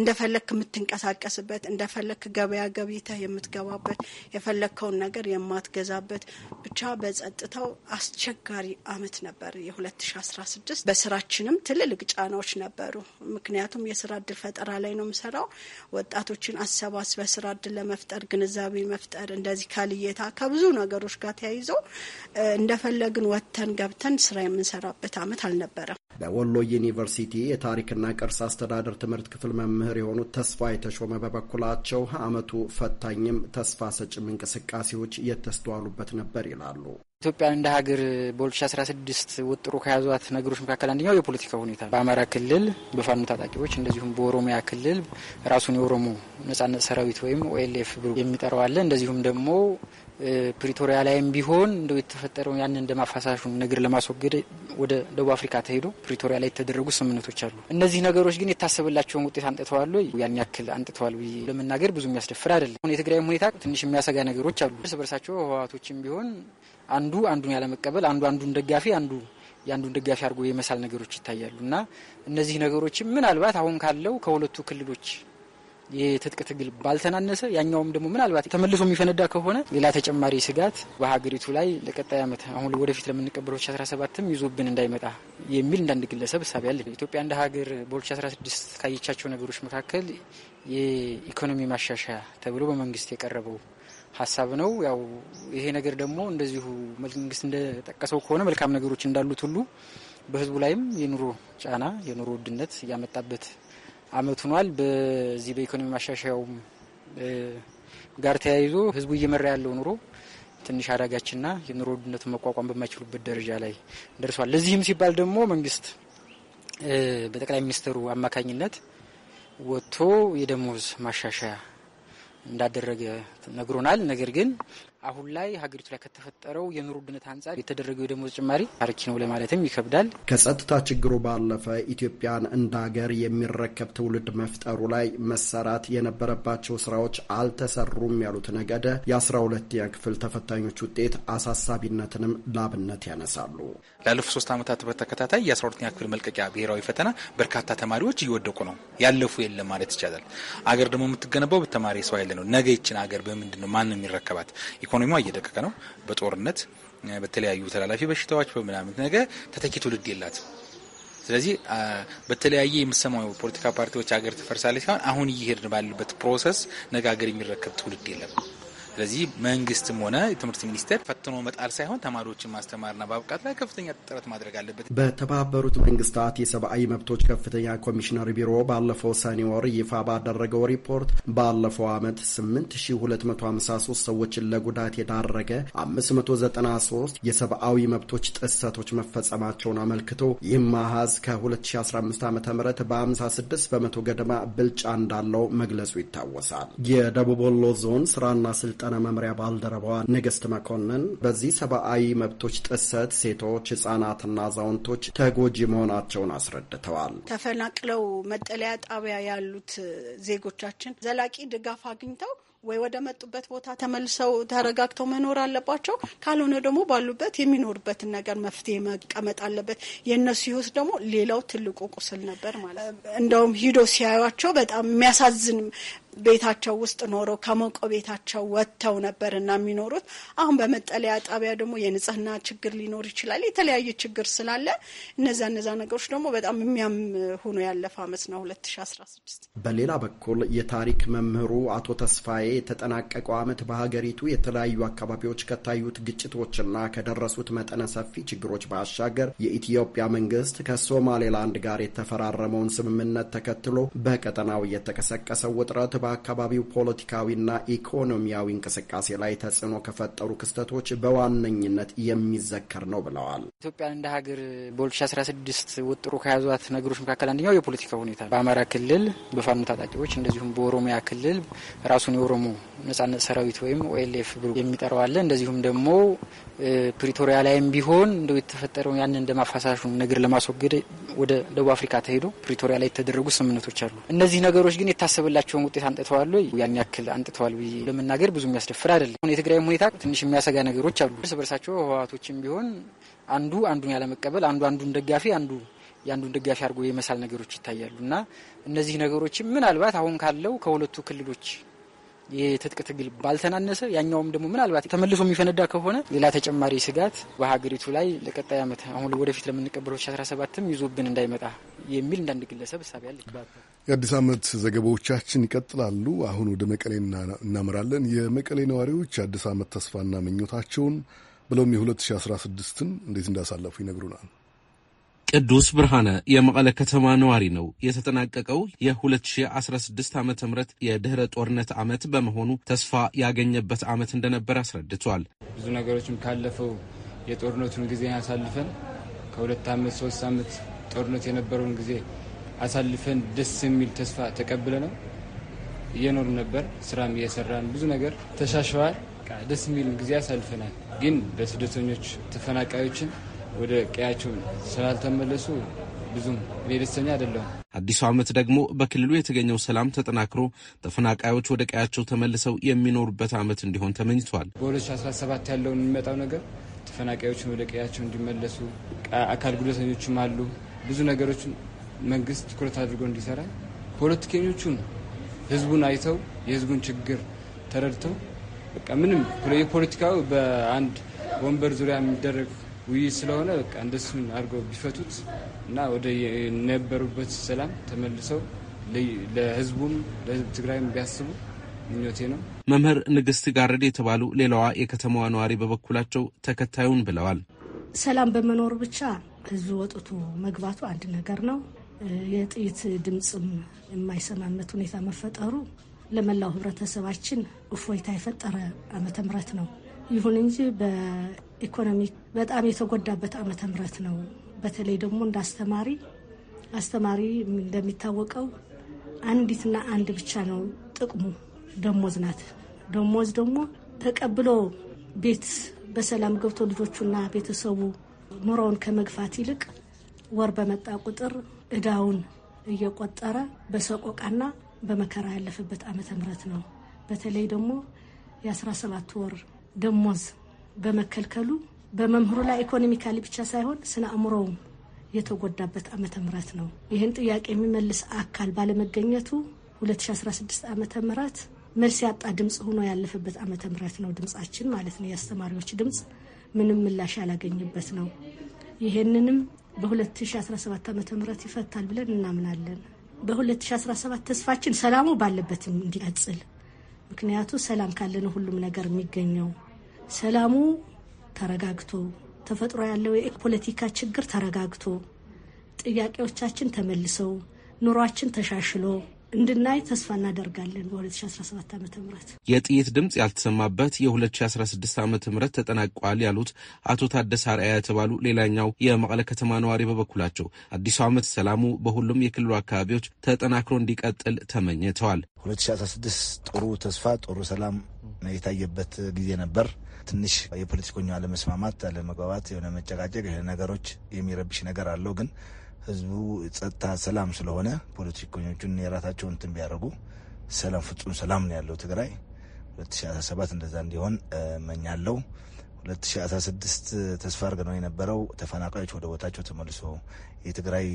እንደፈለክ የምትንቀሳቀስበት፣ እንደፈለክ ገበያ ገብተህ የምትገባበት፣ የፈለግከውን ነገር የማትገዛበት ብቻ በጸጥታው አስቸጋሪ አመት ነበር የ2016 በስራችንም ትልልቅ ጫናዎች ነበሩ። ምክንያቱም የስራ እድል ፈጠራ ላይ ነው የምሰራው። ወጣቶችን አሰባስበ ስራ እድል ለመፍጠር ግንዛቤ መፍጠር፣ እንደዚህ ካልየታ ከብዙ ነገሮች ጋር ተያይዞ እንደፈለግን ወጥተን ገብተን ስራ የምንሰራበት አመት አልነበረም። በወሎ ዩኒቨርሲቲ የታሪክና ቅርስ አስተዳደር ትምህርት ክፍል መምህር የሆኑት ተስፋ የተሾመ በበኩላቸው አመቱ ፈታኝም ተስፋ ሰጭም እንቅስቃሴዎች የተስተዋሉበት ነበር ይላሉ። ኢትዮጵያ እንደ ሀገር በ2016 ወጥሮ ከያዟት ነገሮች መካከል አንደኛው የፖለቲካ ሁኔታ በአማራ ክልል በፋኖ ታጣቂዎች እንደዚሁም በኦሮሚያ ክልል ራሱን የኦሮሞ ነጻነት ሰራዊት ወይም ኦኤልኤፍ ብሎ የሚጠራው አለ። እንደዚሁም ደግሞ ፕሪቶሪያ ላይም ቢሆን እንደው የተፈጠረው ያንን እንደማፋሳሹን ነገር ለማስወገድ ወደ ደቡብ አፍሪካ ተሄዶ ፕሪቶሪያ ላይ የተደረጉ ስምምነቶች አሉ። እነዚህ ነገሮች ግን የታሰበላቸውን ውጤት አንጥተዋል፣ ያን ያክል አንጥተዋል ብዬ ለመናገር ብዙ የሚያስደፍር አይደለም። የትግራይም ሁኔታ ትንሽ የሚያሰጋ ነገሮች አሉ። እርስ በርሳቸው ህወሓቶችም ቢሆን አንዱ አንዱን ያለመቀበል፣ አንዱ አንዱን ደጋፊ፣ አንዱ የአንዱን ደጋፊ አድርጎ የመሳል ነገሮች ይታያሉ እና እነዚህ ነገሮችም ምናልባት አሁን ካለው ከሁለቱ ክልሎች የትጥቅ ትግል ባልተናነሰ ያኛውም ደግሞ ምናልባት ተመልሶ የሚፈነዳ ከሆነ ሌላ ተጨማሪ ስጋት በሀገሪቱ ላይ ለቀጣይ ዓመት አሁን ወደፊት ለምንቀበለው 2017ም ይዞብን እንዳይመጣ የሚል እንዳንድ ግለሰብ እሳቢ ያለ ኢትዮጵያ እንደ ሀገር በ2016 ካየቻቸው ነገሮች መካከል የኢኮኖሚ ማሻሻያ ተብሎ በመንግስት የቀረበው ሀሳብ ነው። ያው ይሄ ነገር ደግሞ እንደዚሁ መንግስት እንደጠቀሰው ከሆነ መልካም ነገሮች እንዳሉት ሁሉ በህዝቡ ላይም የኑሮ ጫና የኑሮ ውድነት እያመጣበት አመት ሆኗል። በዚህ በኢኮኖሚ ማሻሻያውም ጋር ተያይዞ ህዝቡ እየመራ ያለው ኑሮ ትንሽ አዳጋችና የኑሮ ውድነቱን መቋቋም በማይችሉበት ደረጃ ላይ ደርሷል። ለዚህም ሲባል ደግሞ መንግስት በጠቅላይ ሚኒስትሩ አማካኝነት ወጥቶ የደሞዝ ማሻሻያ እንዳደረገ ነግሮናል። ነገር ግን አሁን ላይ ሀገሪቱ ላይ ከተፈጠረው የኑሮ ውድነት አንጻር የተደረገው የደሞዝ ጭማሪ አርኪ ነው ለማለትም ይከብዳል። ከጸጥታ ችግሩ ባለፈ ኢትዮጵያን እንደ ሀገር የሚረከብ ትውልድ መፍጠሩ ላይ መሰራት የነበረባቸው ስራዎች አልተሰሩም ያሉት ነገደ የአስራ ሁለተኛ ክፍል ተፈታኞች ውጤት አሳሳቢነትንም ላብነት ያነሳሉ። ላለፉት ሶስት ዓመታት በተከታታይ የአስራ ሁለተኛ ክፍል መልቀቂያ ብሔራዊ ፈተና በርካታ ተማሪዎች እየወደቁ ነው። ያለፉ የለም ማለት ይቻላል። አገር ደግሞ የምትገነባው በተማሪ ሰው ያለ ነው። ነገ ይችን አገር በምንድን ነው ማን የሚረከባት? ኢኮኖሚዋ እየደቀቀ ነው። በጦርነት በተለያዩ ተላላፊ በሽታዎች በምናምን ነገር ተተኪ ትውልድ የላት ስለዚህ በተለያየ የምሰማው ፖለቲካ ፓርቲዎች ሀገር ትፈርሳለች ሳይሆን አሁን እየሄድን ባለበት ፕሮሰስ ነገ ሀገር የሚረከብ ትውልድ የለም። ስለዚህ መንግስትም ሆነ የትምህርት ሚኒስቴር ፈትኖ መጣል ሳይሆን ተማሪዎችን ማስተማርና በብቃት ላይ ከፍተኛ ጥረት ማድረግ አለበት። በተባበሩት መንግስታት የሰብአዊ መብቶች ከፍተኛ ኮሚሽነር ቢሮ ባለፈው ሰኔ ወር ይፋ ባደረገው ሪፖርት ባለፈው ዓመት 8253 ሰዎችን ለጉዳት የዳረገ 593 የሰብአዊ መብቶች ጥሰቶች መፈጸማቸውን አመልክቶ ይህም አሃዝ ከ2015 ዓ ም በ56 በመቶ ገደማ ብልጫ እንዳለው መግለጹ ይታወሳል። የደቡብ ወሎ ዞን ስራና ስልጣ ስልጠና መምሪያ ባልደረባዋ ንግስት መኮንን በዚህ ሰብአዊ መብቶች ጥሰት ሴቶች፣ ህጻናትና አዛውንቶች ተጎጂ መሆናቸውን አስረድተዋል። ተፈናቅለው መጠለያ ጣቢያ ያሉት ዜጎቻችን ዘላቂ ድጋፍ አግኝተው ወይ ወደ መጡበት ቦታ ተመልሰው ተረጋግተው መኖር አለባቸው። ካልሆነ ደግሞ ባሉበት የሚኖሩበትን ነገር መፍትሄ መቀመጥ አለበት። የእነሱ ህይወት ደግሞ ሌላው ትልቁ ቁስል ነበር ማለት እንደውም ሂዶ ሲያዩቸው በጣም የሚያሳዝን ቤታቸው ውስጥ ኖሮ ከሞቀው ቤታቸው ወጥተው ነበር እና የሚኖሩት። አሁን በመጠለያ ጣቢያ ደግሞ የንጽህና ችግር ሊኖር ይችላል። የተለያየ ችግር ስላለ እነዛ እነዛ ነገሮች ደግሞ በጣም የሚያም ሆኖ ያለፈ አመት ነው 2016። በሌላ በኩል የታሪክ መምህሩ አቶ ተስፋዬ የተጠናቀቀው አመት በሀገሪቱ የተለያዩ አካባቢዎች ከታዩት ግጭቶችና ከደረሱት መጠነ ሰፊ ችግሮች ባሻገር የኢትዮጵያ መንግስት ከሶማሌላንድ ጋር የተፈራረመውን ስምምነት ተከትሎ በቀጠናው የተቀሰቀሰው ውጥረት በአካባቢው ፖለቲካዊና ኢኮኖሚያዊ እንቅስቃሴ ላይ ተጽዕኖ ከፈጠሩ ክስተቶች በዋነኝነት የሚዘከር ነው ብለዋል። ኢትዮጵያን እንደ ሀገር በ2016 ወጥሮ ከያዟት ነገሮች መካከል አንደኛው የፖለቲካ ሁኔታ በአማራ ክልል በፋኖ ታጣቂዎች እንደዚሁም በኦሮሚያ ክልል ራሱን የኦሮሞ ነጻነት ሰራዊት ወይም ኦኤልኤፍ ብሎ የሚጠራው አለ። እንደዚሁም ደግሞ ፕሪቶሪያ ላይም ቢሆን እንደው የተፈጠረው ያንን እንደ ማፋሳሹ ነገር ለማስወገድ ወደ ደቡብ አፍሪካ ተሄዶ ፕሪቶሪያ ላይ የተደረጉ ስምምነቶች አሉ። እነዚህ ነገሮች ግን የታሰበላቸውን ውጤት አንጥተዋል ወይ? ያን ያክል አንጥተዋል ብዬ ለመናገር ብዙ የሚያስደፍር አይደለም። አሁን የትግራይም ሁኔታ ትንሽ የሚያሰጋ ነገሮች አሉ። እርስ በርሳቸው ህወሀቶችም ቢሆን አንዱ አንዱን ያለመቀበል፣ አንዱ አንዱን ደጋፊ አንዱ የአንዱን ደጋፊ አድርጎ የመሳል ነገሮች ይታያሉ እና እነዚህ ነገሮችም ምናልባት አሁን ካለው ከሁለቱ ክልሎች የትጥቅ ትግል ባልተናነሰ ያኛውም ደግሞ ምናልባት ተመልሶ የሚፈነዳ ከሆነ ሌላ ተጨማሪ ስጋት በሀገሪቱ ላይ ለቀጣይ ዓመት አሁን ወደፊት ለምንቀበለው 17 ሰባትም ይዞብን እንዳይመጣ የሚል እንዳንድ ግለሰብ እሳቢ ያለ የአዲስ ዓመት ዘገባዎቻችን ይቀጥላሉ። አሁን ወደ መቀሌ እናመራለን። የመቀሌ ነዋሪዎች የአዲስ ዓመት ተስፋና ምኞታቸውን ብለውም የ2016ን እንዴት እንዳሳለፉ ይነግሩናል። ቅዱስ ብርሃነ የመቀለ ከተማ ነዋሪ ነው። የተጠናቀቀው የ2016 ዓ ም የድህረ ጦርነት ዓመት በመሆኑ ተስፋ ያገኘበት ዓመት እንደነበር አስረድቷል። ብዙ ነገሮችም ካለፈው የጦርነቱን ጊዜ አሳልፈን ከሁለት ዓመት ሶስት ዓመት ጦርነት የነበረውን ጊዜ አሳልፈን ደስ የሚል ተስፋ ተቀብለ ነው እየኖር ነበር። ስራም እየሰራን ብዙ ነገር ተሻሸዋል። ደስ የሚል ጊዜ አሳልፈናል። ግን በስደተኞች ተፈናቃዮችን ወደ ቀያቸው ስላልተመለሱ ብዙም ደስተኛ አይደለሁም። አዲሱ ዓመት ደግሞ በክልሉ የተገኘው ሰላም ተጠናክሮ ተፈናቃዮች ወደ ቀያቸው ተመልሰው የሚኖሩበት ዓመት እንዲሆን ተመኝቷል። በ2017 ያለውን የሚመጣው ነገር ተፈናቃዮችን ወደ ቀያቸው እንዲመለሱ፣ አካል ጉዳተኞችም አሉ። ብዙ ነገሮችን መንግስት ትኩረት አድርጎ እንዲሰራ፣ ፖለቲከኞቹን ህዝቡን አይተው የህዝቡን ችግር ተረድተው በቃ ምንም የፖለቲካው በአንድ ወንበር ዙሪያ የሚደረግ ውይይት ስለሆነ በቃ እንደሱን አድርገው ቢፈቱት እና ወደ የነበሩበት ሰላም ተመልሰው ለህዝቡም ለትግራይም ቢያስቡ ምኞቴ ነው። መምህር ንግስት ጋረድ የተባሉ ሌላዋ የከተማዋ ነዋሪ በበኩላቸው ተከታዩን ብለዋል። ሰላም በመኖር ብቻ ህዝቡ ወጥቶ መግባቱ አንድ ነገር ነው። የጥይት ድምፅም የማይሰማበት ሁኔታ መፈጠሩ ለመላው ህብረተሰባችን እፎይታ የፈጠረ ዓመተ ምሕረት ነው። ይሁን እንጂ በኢኮኖሚ በጣም የተጎዳበት ዓመተ ምህረት ነው። በተለይ ደግሞ እንደ አስተማሪ አስተማሪ እንደሚታወቀው አንዲትና አንድ ብቻ ነው ጥቅሙ ደሞዝ ናት። ደሞዝ ደግሞ ተቀብሎ ቤት በሰላም ገብቶ ልጆቹና ቤተሰቡ ኑሮውን ከመግፋት ይልቅ ወር በመጣ ቁጥር እዳውን እየቆጠረ በሰቆቃና በመከራ ያለፈበት ዓመተ ምህረት ነው። በተለይ ደግሞ የ17 ወር ደሞዝ በመከልከሉ በመምህሩ ላይ ኢኮኖሚካሊ ብቻ ሳይሆን ስነ አእምሮውም የተጎዳበት ዓመተ ምህረት ነው። ይህን ጥያቄ የሚመልስ አካል ባለመገኘቱ 2016 ዓመተ ምህረት መልስ ያጣ ድምፅ ሆኖ ያለፈበት ዓመተ ምህረት ነው። ድምፃችን ማለት ነው የአስተማሪዎች ድምፅ ምንም ምላሽ ያላገኝበት ነው። ይህንንም በ2017 ዓመተ ምህረት ይፈታል ብለን እናምናለን። በ2017 ተስፋችን ሰላሙ ባለበትም እንዲቀጽል ምክንያቱ ሰላም ካለ ነው ሁሉም ነገር የሚገኘው። ሰላሙ ተረጋግቶ ተፈጥሮ ያለው የፖለቲካ ችግር ተረጋግቶ ጥያቄዎቻችን ተመልሰው ኑሯችን ተሻሽሎ እንድናይ ተስፋ እናደርጋለን። በ2017 ዓ ም የጥይት ድምፅ ያልተሰማበት የ2016 ዓ ም ተጠናቋል ያሉት አቶ ታደሰ አርአያ የተባሉ ሌላኛው የመቀለ ከተማ ነዋሪ በበኩላቸው አዲሱ ዓመት ሰላሙ በሁሉም የክልሉ አካባቢዎች ተጠናክሮ እንዲቀጥል ተመኝተዋል። 2016 ጥሩ ተስፋ፣ ጥሩ ሰላም የታየበት ጊዜ ነበር። ትንሽ የፖለቲከኛ አለመስማማት፣ አለመግባባት፣ የሆነ መጨቃጨቅ ነገሮች የሚረብሽ ነገር አለው ግን ህዝቡ ጸጥታ፣ ሰላም ስለሆነ ፖለቲከኞቹን የራሳቸውን እንትን ቢያደርጉ ሰላም ፍጹም ሰላም ነው ያለው ትግራይ 2017 እንደዛ እንዲሆን እመኛለሁ። 2016 ተስፋ አድርገን ነው የነበረው ተፈናቃዮች ወደ ቦታቸው ተመልሶ የትግራይ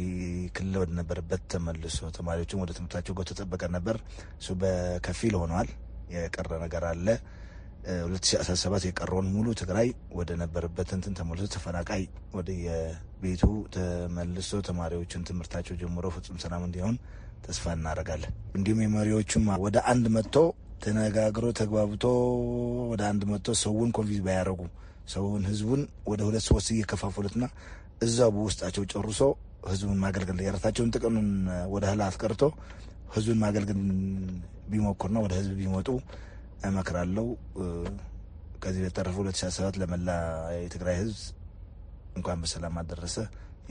ክልል ወደነበረበት ተመልሶ ተማሪዎችም ወደ ትምህርታቸው ገብቶ ተጠበቀ ነበር። እሱ በከፊል ሆነዋል። የቀረ ነገር አለ። 2017 የቀረውን ሙሉ ትግራይ ወደ ነበረበት እንትን ተመልሶ ተፈናቃይ ወደ የቤቱ ተመልሶ ተማሪዎችን ትምህርታቸው ጀምሮ ፍጹም ሰላም እንዲሆን ተስፋ እናደርጋለን። እንዲሁም የመሪዎቹም ወደ አንድ መጥቶ ተነጋግሮ ተግባብቶ ወደ አንድ መጥቶ ሰውን ኮንፊዝ ባያደረጉ ሰውን ህዝቡን ወደ ሁለት ሶስት እየከፋፈሉትና እዛው በውስጣቸው ጨርሶ ህዝቡን ማገልገል የራሳቸውን ጥቅምን ወደ ኋላ አስቀርቶ ህዝቡን ማገልገል ቢሞክሩና ወደ ህዝብ ቢመጡ እመክራለሁ። ከዚህ በተረፈ 2017 ለመላ የትግራይ ህዝብ እንኳን በሰላም አደረሰ።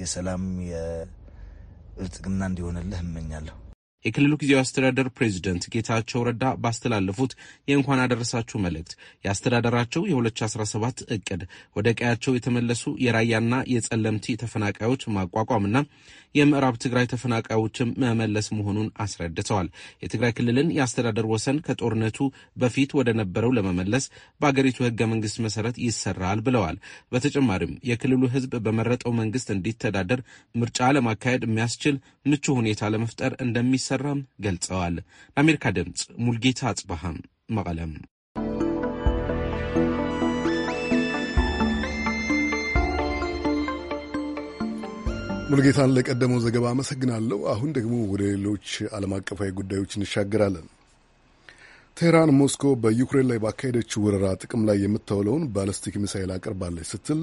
የሰላም የብልጽግና እንዲሆንልህ እመኛለሁ። የክልሉ ጊዜያዊ አስተዳደር ፕሬዚደንት ጌታቸው ረዳ ባስተላለፉት የእንኳን አደረሳችሁ መልእክት የአስተዳደራቸው የ2017 እቅድ ወደ ቀያቸው የተመለሱ የራያና የጸለምቲ ተፈናቃዮች ማቋቋምና የምዕራብ ትግራይ ተፈናቃዮችም መመለስ መሆኑን አስረድተዋል። የትግራይ ክልልን የአስተዳደር ወሰን ከጦርነቱ በፊት ወደ ነበረው ለመመለስ በአገሪቱ ህገ መንግስት መሰረት ይሰራል ብለዋል። በተጨማሪም የክልሉ ህዝብ በመረጠው መንግስት እንዲተዳደር ምርጫ ለማካሄድ የሚያስችል ምቹ ሁኔታ ለመፍጠር እንደሚሰ እንደሚሰራም ገልጸዋል። ለአሜሪካ ድምፅ ሙልጌታ አጽባሃም መቀለም። ሙልጌታን ለቀደመው ዘገባ አመሰግናለሁ። አሁን ደግሞ ወደ ሌሎች ዓለም አቀፋዊ ጉዳዮች እንሻገራለን። ቴህራን ሞስኮ በዩክሬን ላይ ባካሄደችው ወረራ ጥቅም ላይ የምታውለውን ባለስቲክ ሚሳይል አቅርባለች ስትል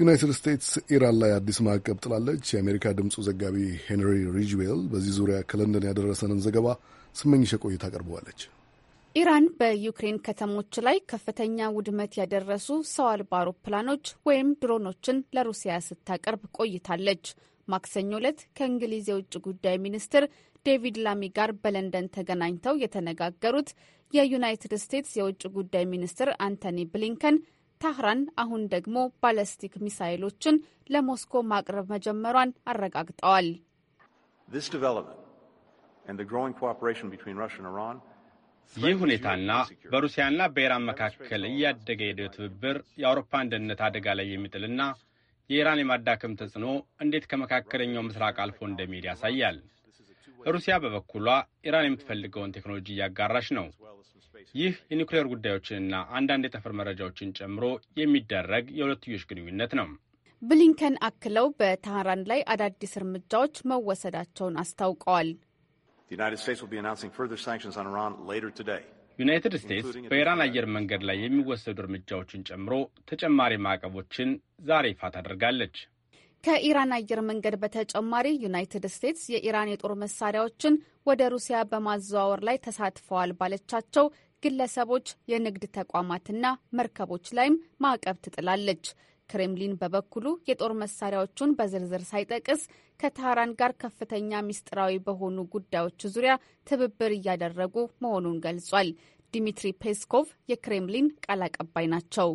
ዩናይትድ ስቴትስ ኢራን ላይ አዲስ ማዕቀብ ጥላለች። የአሜሪካ ድምፁ ዘጋቢ ሄንሪ ሪጅዌል በዚህ ዙሪያ ከለንደን ያደረሰንን ዘገባ ስመኝሸ ቆይታ አቅርበዋለች። ኢራን በዩክሬን ከተሞች ላይ ከፍተኛ ውድመት ያደረሱ ሰው አልባ አውሮፕላኖች ወይም ድሮኖችን ለሩሲያ ስታቀርብ ቆይታለች። ማክሰኞ ዕለት ከእንግሊዝ የውጭ ጉዳይ ሚኒስትር ዴቪድ ላሚ ጋር በለንደን ተገናኝተው የተነጋገሩት የዩናይትድ ስቴትስ የውጭ ጉዳይ ሚኒስትር አንቶኒ ብሊንከን ታህራን አሁን ደግሞ ባለስቲክ ሚሳይሎችን ለሞስኮ ማቅረብ መጀመሯን አረጋግጠዋል። ይህ ሁኔታና በሩሲያና በኢራን መካከል እያደገ የሄደው ትብብር የአውሮፓን አንድነት አደጋ ላይ የሚጥልና የኢራን የማዳከም ተጽዕኖ እንዴት ከመካከለኛው ምስራቅ አልፎ እንደሚሄድ ያሳያል። ሩሲያ በበኩሏ ኢራን የምትፈልገውን ቴክኖሎጂ እያጋራች ነው። ይህ የኒውክሌር ጉዳዮችንና አንዳንድ የጠፈር መረጃዎችን ጨምሮ የሚደረግ የሁለትዮሽ ግንኙነት ነው። ብሊንከን አክለው በተህራን ላይ አዳዲስ እርምጃዎች መወሰዳቸውን አስታውቀዋል። ዩናይትድ ስቴትስ በኢራን አየር መንገድ ላይ የሚወሰዱ እርምጃዎችን ጨምሮ ተጨማሪ ማዕቀቦችን ዛሬ ይፋ ታደርጋለች። ከኢራን አየር መንገድ በተጨማሪ ዩናይትድ ስቴትስ የኢራን የጦር መሳሪያዎችን ወደ ሩሲያ በማዘዋወር ላይ ተሳትፈዋል ባለቻቸው ግለሰቦች፣ የንግድ ተቋማትና መርከቦች ላይም ማዕቀብ ትጥላለች። ክሬምሊን በበኩሉ የጦር መሳሪያዎቹን በዝርዝር ሳይጠቅስ ከቴህራን ጋር ከፍተኛ ምስጢራዊ በሆኑ ጉዳዮች ዙሪያ ትብብር እያደረጉ መሆኑን ገልጿል። ዲሚትሪ ፔስኮቭ የክሬምሊን ቃል አቀባይ ናቸው።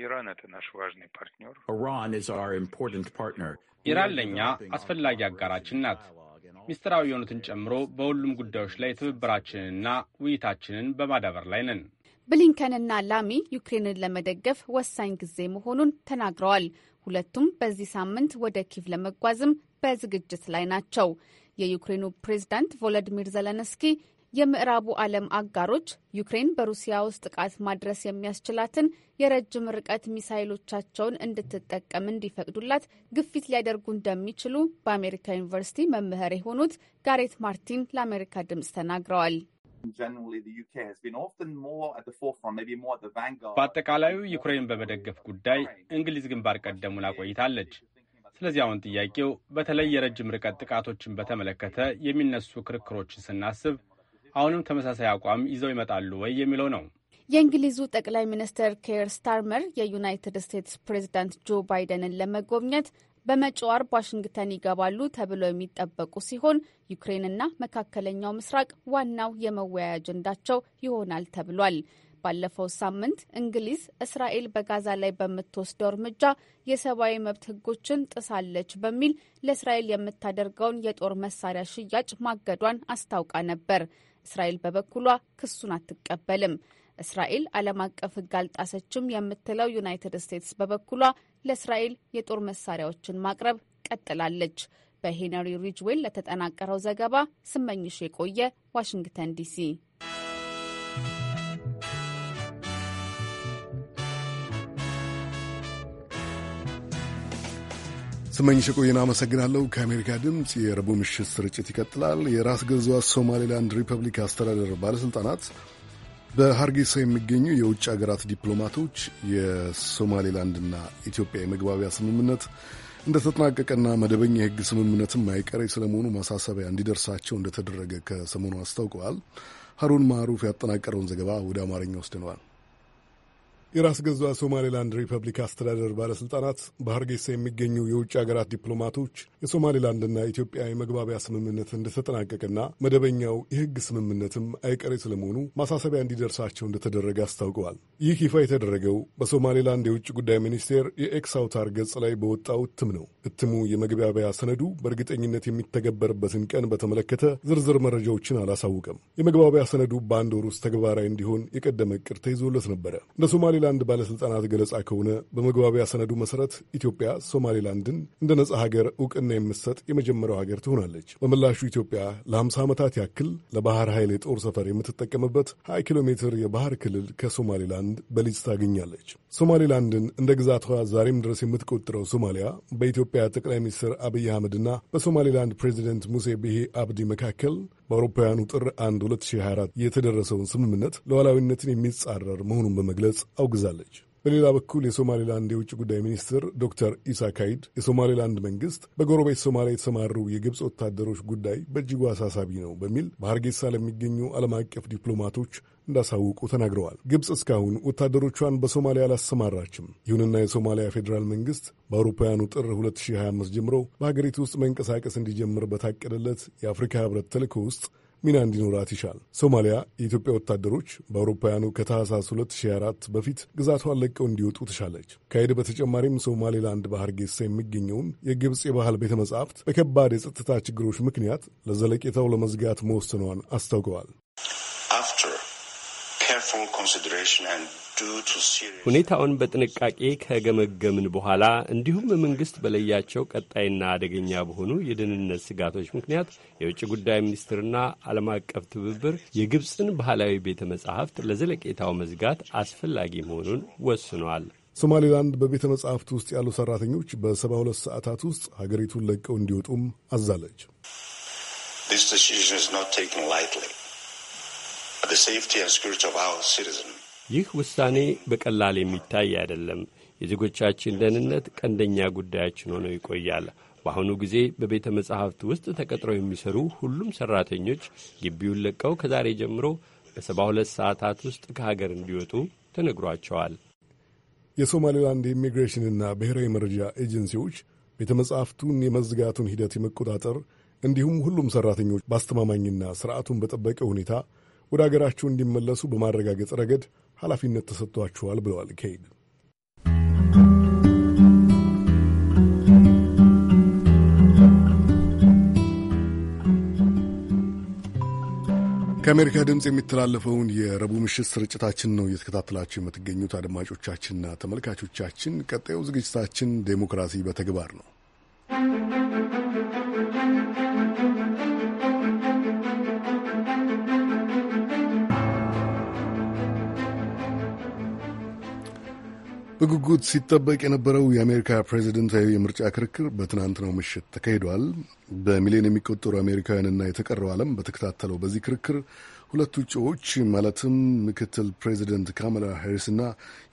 ኢራን ለእኛ አስፈላጊ አጋራችን ናት። ሚስጥራዊ የሆኑትን ጨምሮ በሁሉም ጉዳዮች ላይ ትብብራችንንና ውይይታችንን በማዳበር ላይ ነን። ብሊንከንና ላሚ ዩክሬንን ለመደገፍ ወሳኝ ጊዜ መሆኑን ተናግረዋል። ሁለቱም በዚህ ሳምንት ወደ ኪቭ ለመጓዝም በዝግጅት ላይ ናቸው። የዩክሬኑ ፕሬዝዳንት ቮሎዲሚር ዘለንስኪ የምዕራቡ ዓለም አጋሮች ዩክሬን በሩሲያ ውስጥ ጥቃት ማድረስ የሚያስችላትን የረጅም ርቀት ሚሳይሎቻቸውን እንድትጠቀም እንዲፈቅዱላት ግፊት ሊያደርጉ እንደሚችሉ በአሜሪካ ዩኒቨርሲቲ መምህር የሆኑት ጋሬት ማርቲን ለአሜሪካ ድምፅ ተናግረዋል። በአጠቃላዩ ዩክሬን በመደገፍ ጉዳይ እንግሊዝ ግንባር ቀደሙን ቆይታለች። ስለዚህ አሁን ጥያቄው በተለይ የረጅም ርቀት ጥቃቶችን በተመለከተ የሚነሱ ክርክሮችን ስናስብ አሁንም ተመሳሳይ አቋም ይዘው ይመጣሉ ወይ የሚለው ነው። የእንግሊዙ ጠቅላይ ሚኒስትር ኬር ስታርመር የዩናይትድ ስቴትስ ፕሬዚዳንት ጆ ባይደንን ለመጎብኘት በመጪው አርብ ዋሽንግተን ይገባሉ ተብለው የሚጠበቁ ሲሆን ዩክሬንና መካከለኛው ምስራቅ ዋናው የመወያያ አጀንዳቸው ይሆናል ተብሏል። ባለፈው ሳምንት እንግሊዝ እስራኤል በጋዛ ላይ በምትወስደው እርምጃ የሰብአዊ መብት ሕጎችን ጥሳለች በሚል ለእስራኤል የምታደርገውን የጦር መሳሪያ ሽያጭ ማገዷን አስታውቃ ነበር። እስራኤል በበኩሏ ክሱን አትቀበልም። እስራኤል ዓለም አቀፍ ሕግ አልጣሰችም የምትለው ዩናይትድ ስቴትስ በበኩሏ ለእስራኤል የጦር መሳሪያዎችን ማቅረብ ቀጥላለች። በሄነሪ ሪጅዌል ለተጠናቀረው ዘገባ ስመኝሽ የቆየ ዋሽንግተን ዲሲ ስመኝሽ ቆይና አመሰግናለሁ። ከአሜሪካ ድምፅ የረቡዕ ምሽት ስርጭት ይቀጥላል። የራስ ገዟ ሶማሌላንድ ሪፐብሊክ አስተዳደር ባለሥልጣናት በሀርጌሳ የሚገኙ የውጭ ሀገራት ዲፕሎማቶች የሶማሌላንድና ኢትዮጵያ የመግባቢያ ስምምነት እንደተጠናቀቀና መደበኛ የሕግ ስምምነትም አይቀሬ ስለመሆኑ ማሳሰቢያ እንዲደርሳቸው እንደተደረገ ከሰሞኑ አስታውቀዋል። ሀሩን ማሩፍ ያጠናቀረውን ዘገባ ወደ አማርኛ ወስደነዋል። የራስ ገዟ ሶማሌላንድ ሪፐብሊክ አስተዳደር ባለሥልጣናት በሀርጌሳ የሚገኙ የውጭ ሀገራት ዲፕሎማቶች የሶማሌላንድና ኢትዮጵያ የመግባቢያ ስምምነት እንደተጠናቀቀና መደበኛው የሕግ ስምምነትም አይቀሬ ስለመሆኑ ማሳሰቢያ እንዲደርሳቸው እንደተደረገ አስታውቀዋል። ይህ ይፋ የተደረገው በሶማሌላንድ የውጭ ጉዳይ ሚኒስቴር የኤክስ አውታር ገጽ ላይ በወጣው እትም ነው። እትሙ የመግባቢያ ሰነዱ በእርግጠኝነት የሚተገበርበትን ቀን በተመለከተ ዝርዝር መረጃዎችን አላሳውቅም። የመግባቢያ ሰነዱ በአንድ ወር ውስጥ ተግባራዊ እንዲሆን የቀደመ ዕቅድ ተይዞለት ነበረ። የሶማሌላንድ ባለሥልጣናት ገለጻ ከሆነ በመግባቢያ ሰነዱ መሠረት ኢትዮጵያ ሶማሌላንድን እንደ ነጻ ሀገር እውቅና የምትሰጥ የመጀመሪያው ሀገር ትሆናለች። በምላሹ ኢትዮጵያ ለ50 ዓመታት ያክል ለባህር ኃይል የጦር ሰፈር የምትጠቀምበት 20 ኪሎ ሜትር የባህር ክልል ከሶማሌላንድ በሊዝ ታገኛለች። ሶማሌላንድን እንደ ግዛቷ ዛሬም ድረስ የምትቆጥረው ሶማሊያ በኢትዮጵያ ጠቅላይ ሚኒስትር አብይ አህመድና በሶማሌላንድ ፕሬዚደንት ሙሴ ቢሄ አብዲ መካከል በአውሮፓውያኑ ጥር 1 2024 የተደረሰውን ስምምነት ሉዓላዊነትን የሚጻረር መሆኑን በመግለጽ አውግዛለች። በሌላ በኩል የሶማሌላንድ የውጭ ጉዳይ ሚኒስትር ዶክተር ኢሳ ካይድ የሶማሌላንድ መንግስት በጎረቤት ሶማሊያ የተሰማሩ የግብፅ ወታደሮች ጉዳይ በእጅጉ አሳሳቢ ነው በሚል በሀርጌሳ ለሚገኙ ዓለም አቀፍ ዲፕሎማቶች እንዳሳውቁ ተናግረዋል። ግብፅ እስካሁን ወታደሮቿን በሶማሊያ አላሰማራችም። ይሁንና የሶማሊያ ፌዴራል መንግስት በአውሮፓውያኑ ጥር 2025 ጀምሮ በሀገሪቱ ውስጥ መንቀሳቀስ እንዲጀምር በታቀደለት የአፍሪካ ህብረት ተልእኮ ውስጥ ሚና እንዲኖራት ይሻል። ሶማሊያ የኢትዮጵያ ወታደሮች በአውሮፓውያኑ ከታህሳስ 2024 በፊት ግዛቷን ለቀው እንዲወጡ ትሻለች። ከሄድ በተጨማሪም ሶማሌላንድ ጌሳ የሚገኘውን የግብፅ የባህል ቤተ መጻሕፍት በከባድ የጸጥታ ችግሮች ምክንያት ለዘለቄታው ለመዝጋት መወሰኗን አስታውቀዋል። ሁኔታውን በጥንቃቄ ከገመገምን በኋላ እንዲሁም መንግስት በለያቸው ቀጣይና አደገኛ በሆኑ የደህንነት ስጋቶች ምክንያት የውጭ ጉዳይ ሚኒስትርና ዓለም አቀፍ ትብብር የግብፅን ባህላዊ ቤተ መጻሕፍት ለዘለቄታው መዝጋት አስፈላጊ መሆኑን ወስኗል። ሶማሌላንድ በቤተ መጻሕፍት ውስጥ ያሉ ሠራተኞች በሰባ ሁለት ሰዓታት ውስጥ ሀገሪቱን ለቀው እንዲወጡም አዛለች። ይህ ውሳኔ በቀላል የሚታይ አይደለም። የዜጎቻችን ደህንነት ቀንደኛ ጉዳያችን ሆኖ ይቆያል። በአሁኑ ጊዜ በቤተ መጻሕፍት ውስጥ ተቀጥረው የሚሰሩ ሁሉም ሠራተኞች ግቢውን ለቀው ከዛሬ ጀምሮ በሰባ ሁለት ሰዓታት ውስጥ ከሀገር እንዲወጡ ተነግሯቸዋል። የሶማሌላንድ የኢሚግሬሽንና ብሔራዊ መረጃ ኤጀንሲዎች ቤተ መጻሕፍቱን የመዝጋቱን ሂደት የመቆጣጠር እንዲሁም ሁሉም ሠራተኞች በአስተማማኝና ሥርዓቱን በጠበቀ ሁኔታ ወደ አገራቸው እንዲመለሱ በማረጋገጥ ረገድ ኃላፊነት ተሰጥቷቸዋል ብለዋል ኬይድ። ከአሜሪካ ድምፅ የሚተላለፈውን የረቡዕ ምሽት ስርጭታችን ነው እየተከታተላችሁ የምትገኙት አድማጮቻችንና ተመልካቾቻችን። ቀጣዩ ዝግጅታችን ዴሞክራሲ በተግባር ነው። በጉጉት ሲጠበቅ የነበረው የአሜሪካ ፕሬዚደንታዊ የምርጫ ክርክር በትናንትናው ምሽት ተካሂዷል። በሚሊዮን የሚቆጠሩ አሜሪካውያንና የተቀረው ዓለም በተከታተለው በዚህ ክርክር ሁለቱ እጩዎች ማለትም ምክትል ፕሬዚደንት ካማላ ሃሪስና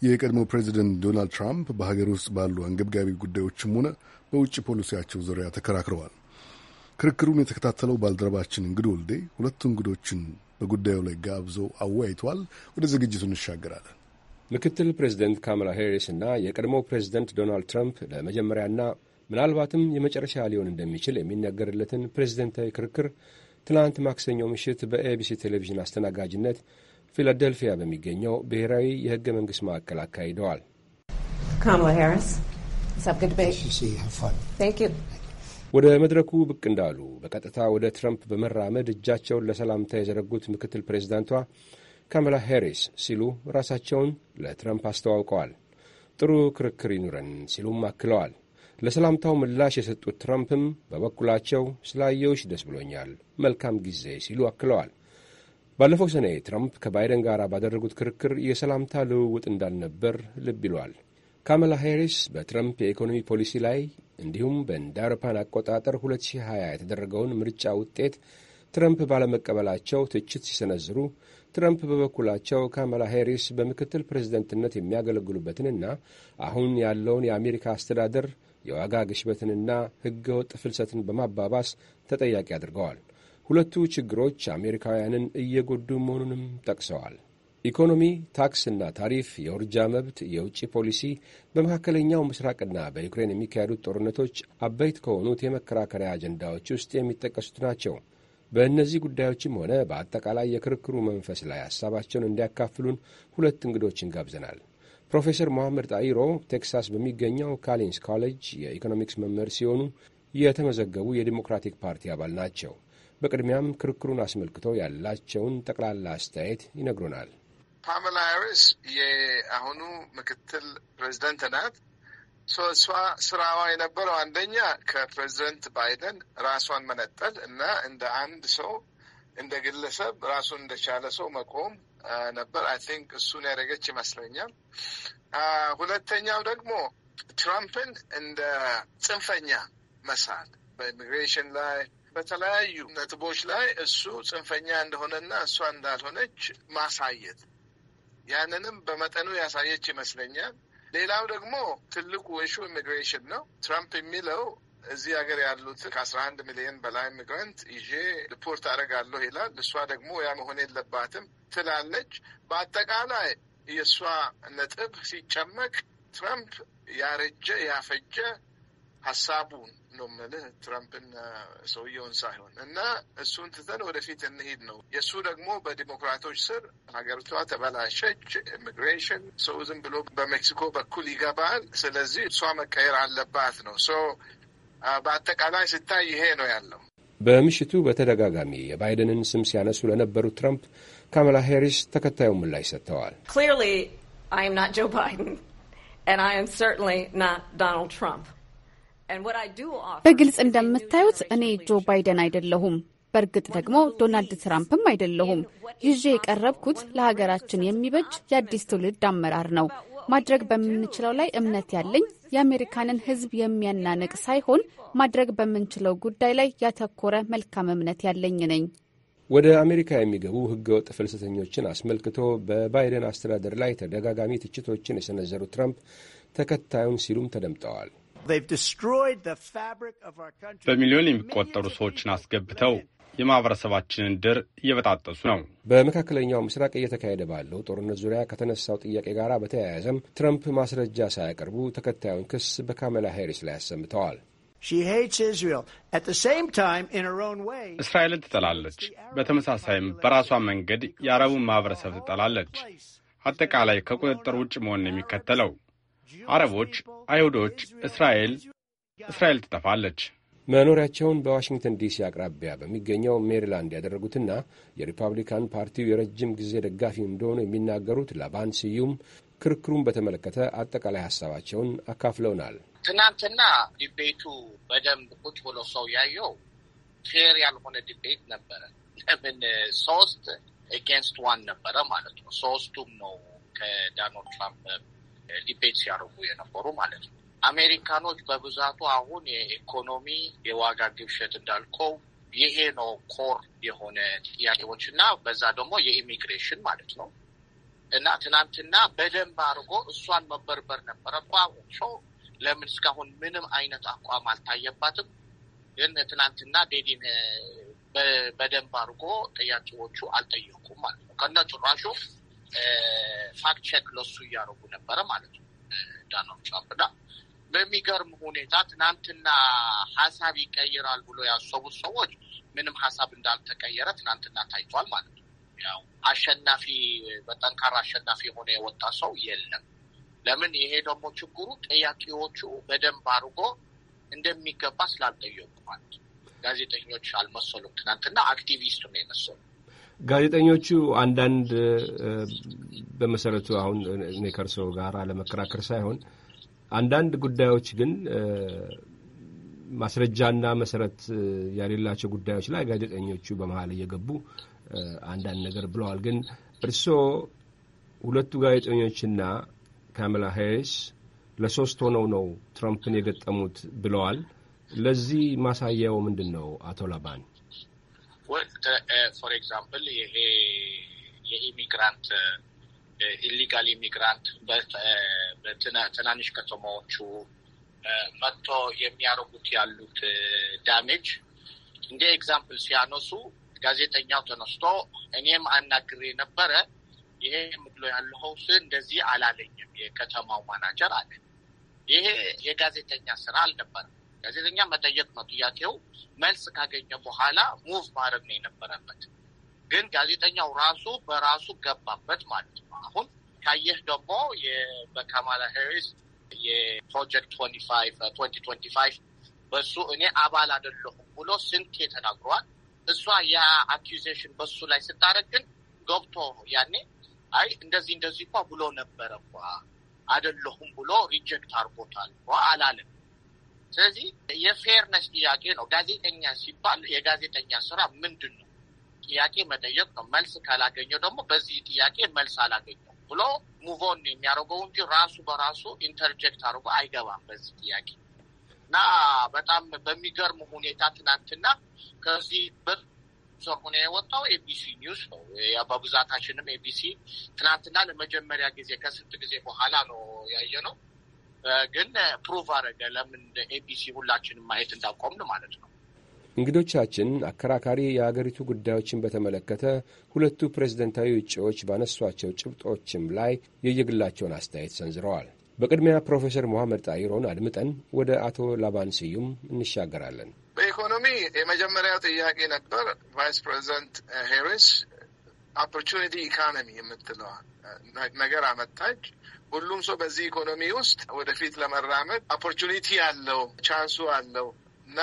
የቀድሞ ፕሬዚደንት ዶናልድ ትራምፕ በሀገር ውስጥ ባሉ አንገብጋቢ ጉዳዮችም ሆነ በውጭ ፖሊሲያቸው ዙሪያ ተከራክረዋል። ክርክሩን የተከታተለው ባልደረባችን እንግዶ ወልዴ ሁለቱ እንግዶችን በጉዳዩ ላይ ጋብዘው አወያይተዋል። ወደ ዝግጅቱ እንሻገራለን። ምክትል ፕሬዚደንት ካማላ ሄሪስ እና የቀድሞው ፕሬዚደንት ዶናልድ ትራምፕ ለመጀመሪያና ምናልባትም የመጨረሻ ሊሆን እንደሚችል የሚነገርለትን ፕሬዚደንታዊ ክርክር ትናንት ማክሰኞ ምሽት በኤቢሲ ቴሌቪዥን አስተናጋጅነት ፊላደልፊያ በሚገኘው ብሔራዊ የሕገ መንግሥት ማዕከል አካሂደዋል። ወደ መድረኩ ብቅ እንዳሉ በቀጥታ ወደ ትራምፕ በመራመድ እጃቸውን ለሰላምታ የዘረጉት ምክትል ፕሬዚዳንቷ ካማላ ሄሪስ ሲሉ ራሳቸውን ለትረምፕ አስተዋውቀዋል። ጥሩ ክርክር ይኑረን ሲሉም አክለዋል። ለሰላምታው ምላሽ የሰጡት ትረምፕም በበኩላቸው ስላየውሽ ደስ ብሎኛል፣ መልካም ጊዜ ሲሉ አክለዋል። ባለፈው ሰኔ ትራምፕ ከባይደን ጋር ባደረጉት ክርክር የሰላምታ ልውውጥ እንዳልነበር ልብ ይሏል። ካማላ ሄሪስ በትረምፕ የኢኮኖሚ ፖሊሲ ላይ እንዲሁም በእንደ አውሮፓን አቆጣጠር 2020 የተደረገውን ምርጫ ውጤት ትረምፕ ባለመቀበላቸው ትችት ሲሰነዝሩ ትረምፕ በበኩላቸው ካማላ ሄሪስ በምክትል ፕሬዝደንትነት የሚያገለግሉበትንና አሁን ያለውን የአሜሪካ አስተዳደር የዋጋ ግሽበትንና ሕገወጥ ፍልሰትን በማባባስ ተጠያቂ አድርገዋል። ሁለቱ ችግሮች አሜሪካውያንን እየጎዱ መሆኑንም ጠቅሰዋል። ኢኮኖሚ፣ ታክስና ታሪፍ፣ የውርጃ መብት፣ የውጭ ፖሊሲ፣ በመካከለኛው ምስራቅና በዩክሬን የሚካሄዱት ጦርነቶች አበይት ከሆኑት የመከራከሪያ አጀንዳዎች ውስጥ የሚጠቀሱት ናቸው። በእነዚህ ጉዳዮችም ሆነ በአጠቃላይ የክርክሩ መንፈስ ላይ ሀሳባቸውን እንዲያካፍሉን ሁለት እንግዶችን ጋብዘናል። ፕሮፌሰር መሐመድ ጣይሮ ቴክሳስ በሚገኘው ካሊንስ ኮሌጅ የኢኮኖሚክስ መምህር ሲሆኑ የተመዘገቡ የዲሞክራቲክ ፓርቲ አባል ናቸው። በቅድሚያም ክርክሩን አስመልክቶ ያላቸውን ጠቅላላ አስተያየት ይነግሩናል። ፓመላ ሃሪስ የአሁኑ ምክትል ፕሬዚደንት ናት። እሷ ስራዋ የነበረው አንደኛ ከፕሬዚደንት ባይደን ራሷን መነጠል እና እንደ አንድ ሰው እንደ ግለሰብ ራሱን እንደቻለ ሰው መቆም ነበር። አይ ቲንክ እሱን ያደረገች ይመስለኛል። ሁለተኛው ደግሞ ትራምፕን እንደ ጽንፈኛ መሳል በኢሚግሬሽን ላይ በተለያዩ ነጥቦች ላይ እሱ ጽንፈኛ እንደሆነና እሷ እንዳልሆነች ማሳየት ያንንም በመጠኑ ያሳየች ይመስለኛል። ሌላው ደግሞ ትልቁ ኢሹ ኢሚግሬሽን ነው። ትራምፕ የሚለው እዚህ ሀገር ያሉት ከአስራ አንድ ሚሊዮን በላይ ኢሚግራንት ይዤ ሪፖርት አደርጋለሁ ይላል። እሷ ደግሞ ያ መሆን የለባትም ትላለች። በአጠቃላይ የእሷ ነጥብ ሲጨመቅ ትራምፕ ያረጀ ያፈጀ ሀሳቡን ነው የምልህ ትራምፕን ሰውየውን ሳይሆን እና እሱን ትተን ወደፊት እንሄድ ነው። የእሱ ደግሞ በዲሞክራቶች ስር ሀገሪቷ ተበላሸች፣ ኢሚግሬሽን ሰው ዝም ብሎ በሜክሲኮ በኩል ይገባል። ስለዚህ እሷ መቀየር አለባት ነው። ሶ በአጠቃላይ ስታይ ይሄ ነው ያለው። በምሽቱ በተደጋጋሚ የባይደንን ስም ሲያነሱ ለነበሩት ትራምፕ ካማላ ሄሪስ ተከታዩን ምላሽ ሰጥተዋል። ክሊርሊ አይ አም ናት ጆ ባይደን ኤንድ አይ አም ሰርተንሊ ናት ዶናልድ ትራምፕ በግልጽ እንደምታዩት እኔ ጆ ባይደን አይደለሁም። በእርግጥ ደግሞ ዶናልድ ትራምፕም አይደለሁም። ይዤ የቀረብኩት ለሀገራችን የሚበጅ የአዲስ ትውልድ አመራር ነው። ማድረግ በምንችለው ላይ እምነት ያለኝ የአሜሪካንን ሕዝብ የሚያናንቅ ሳይሆን ማድረግ በምንችለው ጉዳይ ላይ ያተኮረ መልካም እምነት ያለኝ ነኝ። ወደ አሜሪካ የሚገቡ ሕገወጥ ፍልሰተኞችን አስመልክቶ በባይደን አስተዳደር ላይ ተደጋጋሚ ትችቶችን የሰነዘሩ ትራምፕ ተከታዩን ሲሉም ተደምጠዋል። በሚሊዮን የሚቆጠሩ ሰዎችን አስገብተው የማህበረሰባችንን ድር እየበጣጠሱ ነው። በመካከለኛው ምስራቅ እየተካሄደ ባለው ጦርነት ዙሪያ ከተነሳው ጥያቄ ጋር በተያያዘም ትረምፕ ማስረጃ ሳያቀርቡ ተከታዩን ክስ በካመላ ሄሪስ ላይ አሰምተዋል። እስራኤልን ትጠላለች፣ በተመሳሳይም በራሷ መንገድ የአረቡን ማህበረሰብ ትጠላለች። አጠቃላይ ከቁጥጥር ውጭ መሆን ነው የሚከተለው አረቦች፣ አይሁዶች፣ እስራኤል እስራኤል ትጠፋለች። መኖሪያቸውን በዋሽንግተን ዲሲ አቅራቢያ በሚገኘው ሜሪላንድ ያደረጉትና የሪፐብሊካን ፓርቲው የረጅም ጊዜ ደጋፊ እንደሆኑ የሚናገሩት ላባን ስዩም ክርክሩን በተመለከተ አጠቃላይ ሀሳባቸውን አካፍለውናል። ትናንትና ዲቤቱ በደንብ ቁጭ ብሎ ሰው ያየው ፌር ያልሆነ ዲቤት ነበረ። ለምን ሶስት ኤጌንስት ዋን ነበረ ማለት ነው። ሶስቱም ነው ከዳናልድ ትራምፕ ዲቤት ሲያደርጉ የነበሩ ማለት ነው። አሜሪካኖች በብዛቱ አሁን የኢኮኖሚ የዋጋ ግብሸት እንዳልከው ይሄ ነው ኮር የሆነ ጥያቄዎች እና በዛ ደግሞ የኢሚግሬሽን ማለት ነው እና ትናንትና በደንብ አድርጎ እሷን መበርበር ነበረ እኮ ሰው ለምን እስካሁን ምንም አይነት አቋም አልታየባትም? ግን ትናንትና ዴዲን በደንብ አድርጎ ጥያቄዎቹ አልጠየቁም ማለት ነው ከነ ጭራሹ ፋክት ቼክ ለሱ እያደረጉ ነበረ ማለት ነው ዳናል ትራምፕ እና በሚገርም ሁኔታ ትናንትና ሀሳብ ይቀይራል ብሎ ያሰቡት ሰዎች ምንም ሀሳብ እንዳልተቀየረ ትናንትና ታይቷል ማለት ነው። ያው አሸናፊ በጠንካራ አሸናፊ የሆነ የወጣ ሰው የለም። ለምን? ይሄ ደግሞ ችግሩ ጥያቄዎቹ በደንብ አድርጎ እንደሚገባ ስላልጠየቁ ማለት ነው። ጋዜጠኞች አልመሰሉም። ትናንትና አክቲቪስት ነው ጋዜጠኞቹ አንዳንድ በመሰረቱ አሁን እኔ ከእርስዎ ጋር ለመከራከር ሳይሆን አንዳንድ ጉዳዮች ግን ማስረጃና መሰረት ያሌላቸው ጉዳዮች ላይ ጋዜጠኞቹ በመሀል እየገቡ አንዳንድ ነገር ብለዋል። ግን እርስዎ ሁለቱ ጋዜጠኞችና ካማላ ሃሪስ ለሶስት ሆነው ነው ትራምፕን የገጠሙት ብለዋል። ለዚህ ማሳያው ምንድን ነው አቶ ላባን? ወቅት ፎር ኤግዛምፕል ይሄ የኢሚግራንት ኢሊጋል ኢሚግራንት በትናንሽ ከተማዎቹ መጥቶ የሚያደርጉት ያሉት ዳሜጅ እንደ ኤግዛምፕል ሲያነሱ ጋዜጠኛው ተነስቶ እኔም አናግሬ ነበረ ይሄ ምድሎ ያለው እንደዚህ አላለኝም የከተማው ማናጀር አለ። ይሄ የጋዜጠኛ ስራ አልነበረም። ጋዜጠኛ መጠየቅ ነው ጥያቄው። መልስ ካገኘ በኋላ ሙቭ ማድረግ ነው የነበረበት። ግን ጋዜጠኛው ራሱ በራሱ ገባበት ማለት ነው። አሁን ካየህ ደግሞ በካማላ ሄሪስ የፕሮጀክት ፋይቭ በሱ እኔ አባል አይደለሁም ብሎ ስንቴ ተናግሯል። እሷ ያ አኪዜሽን በሱ ላይ ስታደርግ ግን ገብቶ ያኔ አይ እንደዚህ እንደዚህ እኳ ብሎ ነበረ እኳ አይደለሁም ብሎ ሪጀክት አርጎታል አላለም። ስለዚህ የፌርነስ ጥያቄ ነው። ጋዜጠኛ ሲባል የጋዜጠኛ ስራ ምንድን ነው? ጥያቄ መጠየቅ ነው። መልስ ካላገኘው ደግሞ በዚህ ጥያቄ መልስ አላገኘው ብሎ ሙቮን የሚያደርገው እንጂ ራሱ በራሱ ኢንተርጀክት አድርጎ አይገባም በዚህ ጥያቄ እና በጣም በሚገርም ሁኔታ ትናንትና ከዚህ ብር ሆነ የወጣው ኤቢሲ ኒውስ ነው። በብዛታችንም ኤቢሲ ትናንትና ለመጀመሪያ ጊዜ ከስንት ጊዜ በኋላ ነው ያየ ነው ግን ፕሩቭ አረገ ለምን ኤቢሲ ሁላችንም ማየት እንዳቆምን ማለት ነው። እንግዶቻችን አከራካሪ የአገሪቱ ጉዳዮችን በተመለከተ ሁለቱ ፕሬዝደንታዊ እጩዎች ባነሷቸው ጭብጦችም ላይ የየግላቸውን አስተያየት ሰንዝረዋል። በቅድሚያ ፕሮፌሰር መሐመድ ጣይሮን አድምጠን ወደ አቶ ላባን ስዩም እንሻገራለን። በኢኮኖሚ የመጀመሪያው ጥያቄ ነበር። ቫይስ ፕሬዚደንት ሄሪስ ኦፖርቹኒቲ ኢኮኖሚ የምትለዋል ነገር አመጣች። ሁሉም ሰው በዚህ ኢኮኖሚ ውስጥ ወደፊት ለመራመድ ኦፖርቹኒቲ አለው፣ ቻንሱ አለው እና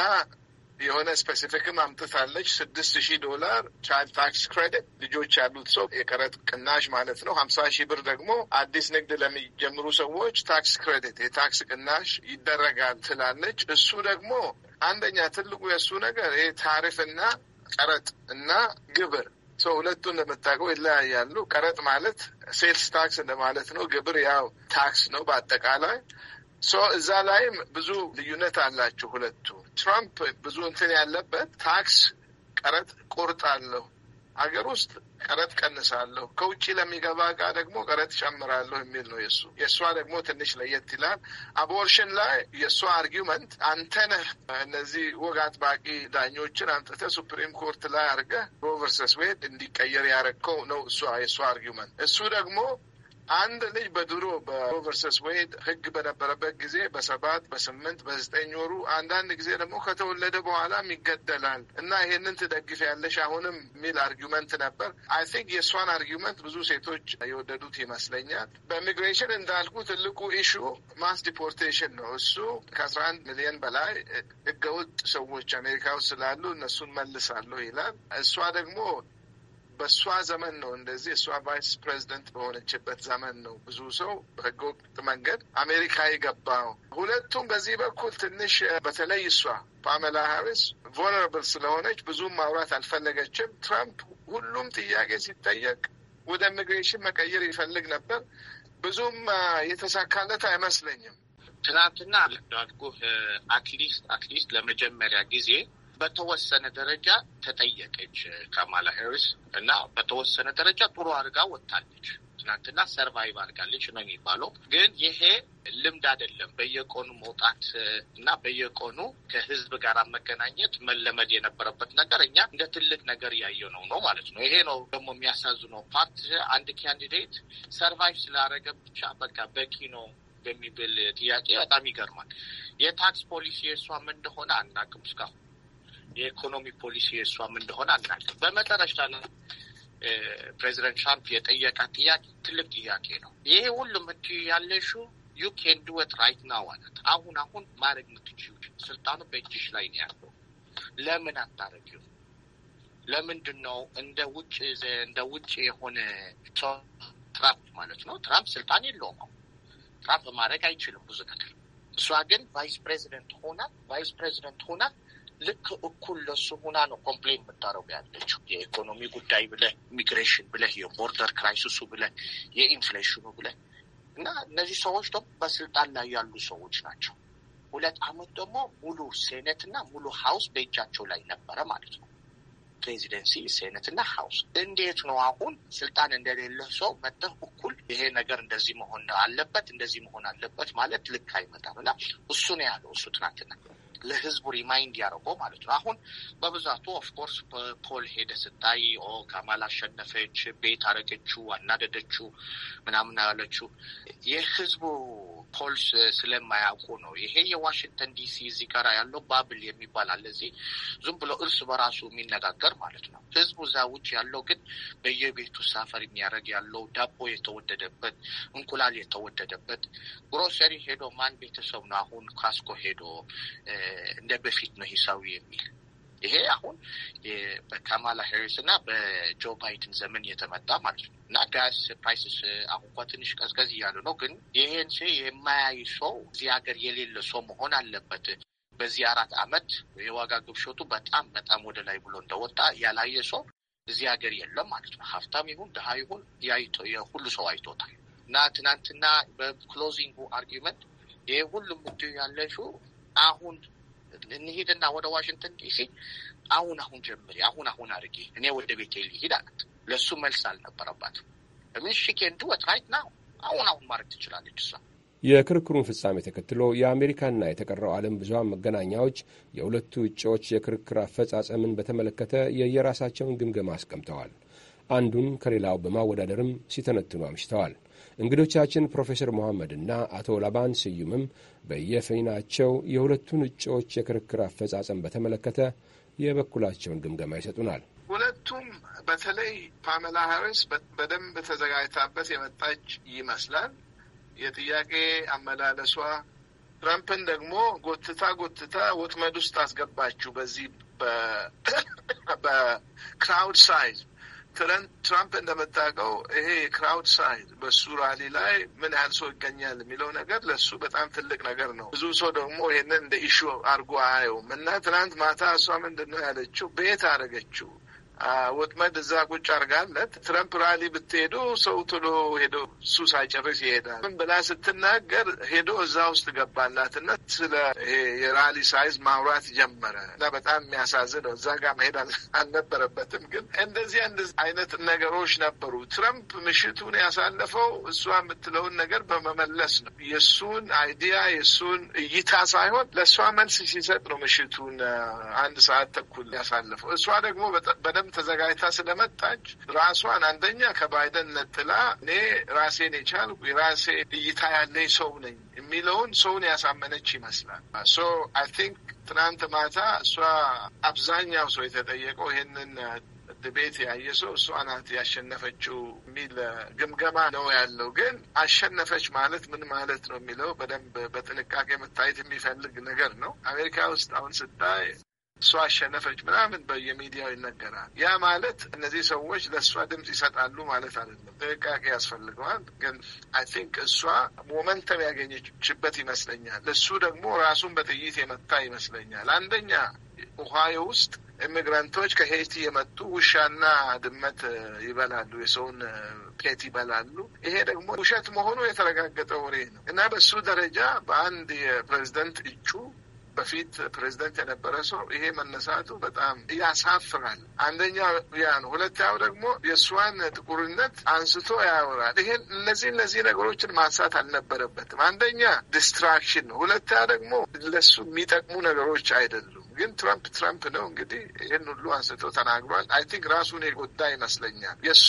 የሆነ ስፔሲፊክም አምጥታለች። ስድስት ሺህ ዶላር ቻይልድ ታክስ ክሬዲት ልጆች ያሉት ሰው የቀረጥ ቅናሽ ማለት ነው። ሀምሳ ሺህ ብር ደግሞ አዲስ ንግድ ለሚጀምሩ ሰዎች ታክስ ክሬዲት የታክስ ቅናሽ ይደረጋል ትላለች። እሱ ደግሞ አንደኛ ትልቁ የእሱ ነገር ይሄ ታሪፍና ቀረጥ እና ግብር ሰው ሁለቱን እንደምታውቀው ይለያያሉ። ቀረጥ ማለት ሴልስ ታክስ እንደማለት ነው። ግብር ያው ታክስ ነው በአጠቃላይ እዛ ላይም ብዙ ልዩነት አላቸው ሁለቱ። ትራምፕ ብዙ እንትን ያለበት ታክስ ቀረጥ ቁርጥ አለው አገር ውስጥ ቀረጥ ቀንሳለሁ፣ ከውጭ ለሚገባ እቃ ደግሞ ቀረጥ ጨምራለሁ የሚል ነው የእሱ። የእሷ ደግሞ ትንሽ ለየት ይላል። አቦርሽን ላይ የእሷ አርጊመንት አንተ ነህ እነዚህ ወግ አጥባቂ ዳኞችን አምጥተህ ሱፕሪም ኮርት ላይ አድርገህ ሮ ቨርሰስ ዌድ እንዲቀየር ያረግከው ነው እሷ የእሷ አርጊመንት። እሱ ደግሞ አንድ ልጅ በድሮ በሮ ቨርሰስ ወይድ ህግ በነበረበት ጊዜ በሰባት በስምንት በዘጠኝ ወሩ አንዳንድ ጊዜ ደግሞ ከተወለደ በኋላም ይገደላል እና ይሄንን ትደግፍ ያለሽ አሁንም የሚል አርጊመንት ነበር። አይ ቲንክ የእሷን አርጊመንት ብዙ ሴቶች የወደዱት ይመስለኛል። በኢሚግሬሽን እንዳልኩ ትልቁ ኢሹ ማስ ዲፖርቴሽን ነው። እሱ ከአስራ አንድ ሚሊዮን በላይ ህገወጥ ሰዎች አሜሪካ ውስጥ ስላሉ እነሱን መልሳለሁ ይላል። እሷ ደግሞ በእሷ ዘመን ነው እንደዚህ እሷ ቫይስ ፕሬዚደንት በሆነችበት ዘመን ነው ብዙ ሰው በህገወጥ መንገድ አሜሪካ የገባው። ሁለቱም በዚህ በኩል ትንሽ በተለይ እሷ ፓሜላ ሃሪስ ቮነራብል ስለሆነች ብዙም ማውራት አልፈለገችም። ትራምፕ ሁሉም ጥያቄ ሲጠየቅ ወደ ኢሚግሬሽን መቀየር ይፈልግ ነበር። ብዙም የተሳካለት አይመስለኝም። ትናንትና እንዳልኩ አትሊስት አትሊስት ለመጀመሪያ ጊዜ በተወሰነ ደረጃ ተጠየቀች ካማላ ሄሪስ እና በተወሰነ ደረጃ ጥሩ አድርጋ ወጥታለች። ትናንትና ሰርቫይቭ አድርጋለች ነው የሚባለው። ግን ይሄ ልምድ አይደለም። በየቀኑ መውጣት እና በየቀኑ ከህዝብ ጋር መገናኘት መለመድ የነበረበት ነገር እኛ እንደ ትልቅ ነገር ያየ ነው ነው ማለት ነው። ይሄ ነው ደግሞ የሚያሳዝነው ፓርት አንድ ካንዲዴት ሰርቫይቭ ስላደረገ ብቻ በቃ በቂ ነው በሚብል ጥያቄ በጣም ይገርማል። የታክስ ፖሊሲ የእሷም እንደሆነ አናውቅም እስካሁን የኢኮኖሚ ፖሊሲ የእሷም እንደሆነ አናውቅም። በመጨረሻ ላይ ፕሬዚደንት ትራምፕ የጠየቃት ጥያቄ ትልቅ ጥያቄ ነው። ይሄ ሁሉም እጅ ያለሹ ዩ ኬን ዱ ኢት ራይት ናው አላት። አሁን አሁን ማድረግ የምትችይው ስልጣኑ በእጅሽ ላይ ነው ያለው፣ ለምን አታረጊው? ለምንድን ነው እንደ ውጭ እንደ ውጭ የሆነ ሰው ትራምፕ ማለት ነው። ትራምፕ ስልጣን የለውም አሁን ትራምፕ ማድረግ አይችልም ብዙ ነገር። እሷ ግን ቫይስ ፕሬዚደንት ሆና ቫይስ ፕሬዚደንት ሆና ልክ እኩል ለሱ ሁና ነው ኮምፕሌን የምታደርገው ያለችው። የኢኮኖሚ ጉዳይ ብለ ኢሚግሬሽን ብለ የቦርደር ክራይሲሱ ብለ የኢንፍሌሽኑ ብለ እና እነዚህ ሰዎች ደግሞ በስልጣን ላይ ያሉ ሰዎች ናቸው። ሁለት አመት ደግሞ ሙሉ ሴኔት እና ሙሉ ሀውስ በእጃቸው ላይ ነበረ ማለት ነው። ፕሬዚደንሲ፣ ሴኔት እና ሀውስ። እንዴት ነው አሁን ስልጣን እንደሌለ ሰው መጥተህ እኩል ይሄ ነገር እንደዚህ መሆን አለበት እንደዚህ መሆን አለበት ማለት ልክ አይመጣም። እና እሱ ነው ያለው እሱ ትናንትና ለህዝቡ ሪማይንድ ያደርገው ማለት ነው። አሁን በብዛቱ ኦፍኮርስ ፖል ሄደ ስታይ ኦ ካማል አሸነፈች፣ ቤት አረገችው፣ አናደደችው፣ ምናምን አላለችው የህዝቡ ፖልስ ስለማያውቁ ነው። ይሄ የዋሽንግተን ዲሲ እዚህ ጋር ያለው ባብል የሚባል አለ። እዚህ ዝም ብሎ እርስ በራሱ የሚነጋገር ማለት ነው። ህዝቡ እዛ ውጭ ያለው ግን በየቤቱ ሳፈር የሚያደርግ ያለው ዳቦ የተወደደበት፣ እንቁላል የተወደደበት ግሮሰሪ ሄዶ ማን ቤተሰብ ነው አሁን ካስኮ ሄዶ እንደ በፊት ነው ሂሳዊ የሚል ይሄ አሁን በካማላ ሄሪስ እና በጆ ባይደን ዘመን የተመጣ ማለት ነው እና ጋስ ፕራይስስ አሁን እንኳ ትንሽ ቀዝቀዝ እያሉ ነው፣ ግን ይሄን ሲ የማያይ ሰው እዚህ ሀገር የሌለ ሰው መሆን አለበት። በዚህ አራት አመት የዋጋ ግብሾቱ በጣም በጣም ወደ ላይ ብሎ እንደወጣ ያላየ ሰው እዚህ ሀገር የለም ማለት ነው። ሀብታም ይሁን ድሀ ይሁን ሁሉ ሰው አይቶታል። እና ትናንትና በክሎዚንጉ አርጊመንት ይሄ ሁሉ ምት ያለሹ አሁን እንሂድና ወደ ዋሽንግተን ዲሲ አሁን አሁን ጀምሪ፣ አሁን አሁን አድርጌ እኔ ወደ ቤቴ ሊሂድ አላት። ለእሱ መልስ አልነበረባትም። በምን ወት ራይት ናው አሁን አሁን ማድረግ ትችላለች እሷ። የክርክሩን ፍጻሜ ተከትሎ የአሜሪካና የተቀረው ዓለም ብዙኃን መገናኛዎች የሁለቱ እጩዎች የክርክር አፈጻጸምን በተመለከተ የየራሳቸውን ግምገማ አስቀምጠዋል። አንዱን ከሌላው በማወዳደርም ሲተነትኑ አምሽተዋል። እንግዶቻችን ፕሮፌሰር መሐመድና አቶ ላባን ስዩምም በየፊናቸው የሁለቱን እጩዎች የክርክር አፈጻጸም በተመለከተ የበኩላቸውን ግምገማ ይሰጡናል። ሁለቱም በተለይ ፓመላ ሀሪስ በደንብ ተዘጋጅታበት የመጣች ይመስላል። የጥያቄ አመላለሷ ትራምፕን ደግሞ ጎትታ ጎትታ ወጥመድ ውስጥ አስገባችሁ። በዚህ በክራውድ ሳይዝ ትራምፕ እንደምታውቀው ይሄ የክራውድ ሳይድ በሱ ራሊ ላይ ምን ያህል ሰው ይገኛል የሚለው ነገር ለሱ በጣም ትልቅ ነገር ነው። ብዙ ሰው ደግሞ ይሄንን እንደ ኢሹ አድርጎ አየውም እና ትናንት ማታ እሷ ምንድን ነው ያለችው? ቤት አደረገችው ወጥመድ እዛ ቁጭ አርጋለት ትረምፕ ራሊ ብትሄዱ ሰው ቶሎ ሄዶ እሱ ሳይጨርስ ይሄዳል። ምን ብላ ስትናገር ሄዶ እዛ ውስጥ ገባላትና ስለ የራሊ ሳይዝ ማውራት ጀመረ እና በጣም የሚያሳዝን ነው። እዛ ጋር መሄድ አልነበረበትም። ግን እንደዚህ አንድ አይነት ነገሮች ነበሩ። ትረምፕ ምሽቱን ያሳለፈው እሷ የምትለውን ነገር በመመለስ ነው። የእሱን አይዲያ የእሱን እይታ ሳይሆን ለእሷ መልስ ሲሰጥ ነው ምሽቱን አንድ ሰዓት ተኩል ያሳለፈው። እሷ ደግሞ በደንብ በደንብ ተዘጋጅታ ስለመጣች ራሷን አንደኛ ከባይደን ነጥላ እኔ ራሴን የቻልኩ የራሴ እይታ ያለኝ ሰው ነኝ የሚለውን ሰውን ያሳመነች ይመስላል። ሶ አይ ቲንክ ትናንት ማታ እሷ አብዛኛው ሰው የተጠየቀው ይህንን ድቤት ያየ ሰው እሷ ናት ያሸነፈችው የሚል ግምገማ ነው ያለው። ግን አሸነፈች ማለት ምን ማለት ነው የሚለው በደንብ በጥንቃቄ መታየት የሚፈልግ ነገር ነው። አሜሪካ ውስጥ አሁን ስታይ እሷ አሸነፈች ምናምን በየሚዲያው ይነገራል። ያ ማለት እነዚህ ሰዎች ለእሷ ድምፅ ይሰጣሉ ማለት አይደለም። ጥንቃቄ ያስፈልገዋል። ግን አይ ቲንክ እሷ ሞመንተም ያገኘችበት ይመስለኛል። እሱ ደግሞ ራሱን በጥይት የመታ ይመስለኛል። አንደኛ ኦሃዮ ውስጥ ኢሚግራንቶች ከሄይቲ የመጡ ውሻና ድመት ይበላሉ፣ የሰውን ፔት ይበላሉ። ይሄ ደግሞ ውሸት መሆኑ የተረጋገጠ ወሬ ነው እና በሱ ደረጃ በአንድ የፕሬዚደንት እጩ በፊት ፕሬዚደንት የነበረ ሰው ይሄ መነሳቱ በጣም ያሳፍራል። አንደኛ ያ ነው። ሁለተኛው ደግሞ የእሷን ጥቁርነት አንስቶ ያወራል። ይሄን እነዚህ እነዚህ ነገሮችን ማንሳት አልነበረበትም። አንደኛ ዲስትራክሽን ነው። ሁለተኛ ደግሞ ለሱ የሚጠቅሙ ነገሮች አይደሉም። ግን ትራምፕ ትራምፕ ነው እንግዲህ ይህን ሁሉ አንስቶ ተናግሯል። አይ ቲንክ ራሱን የጎዳ ይመስለኛል። የእሱ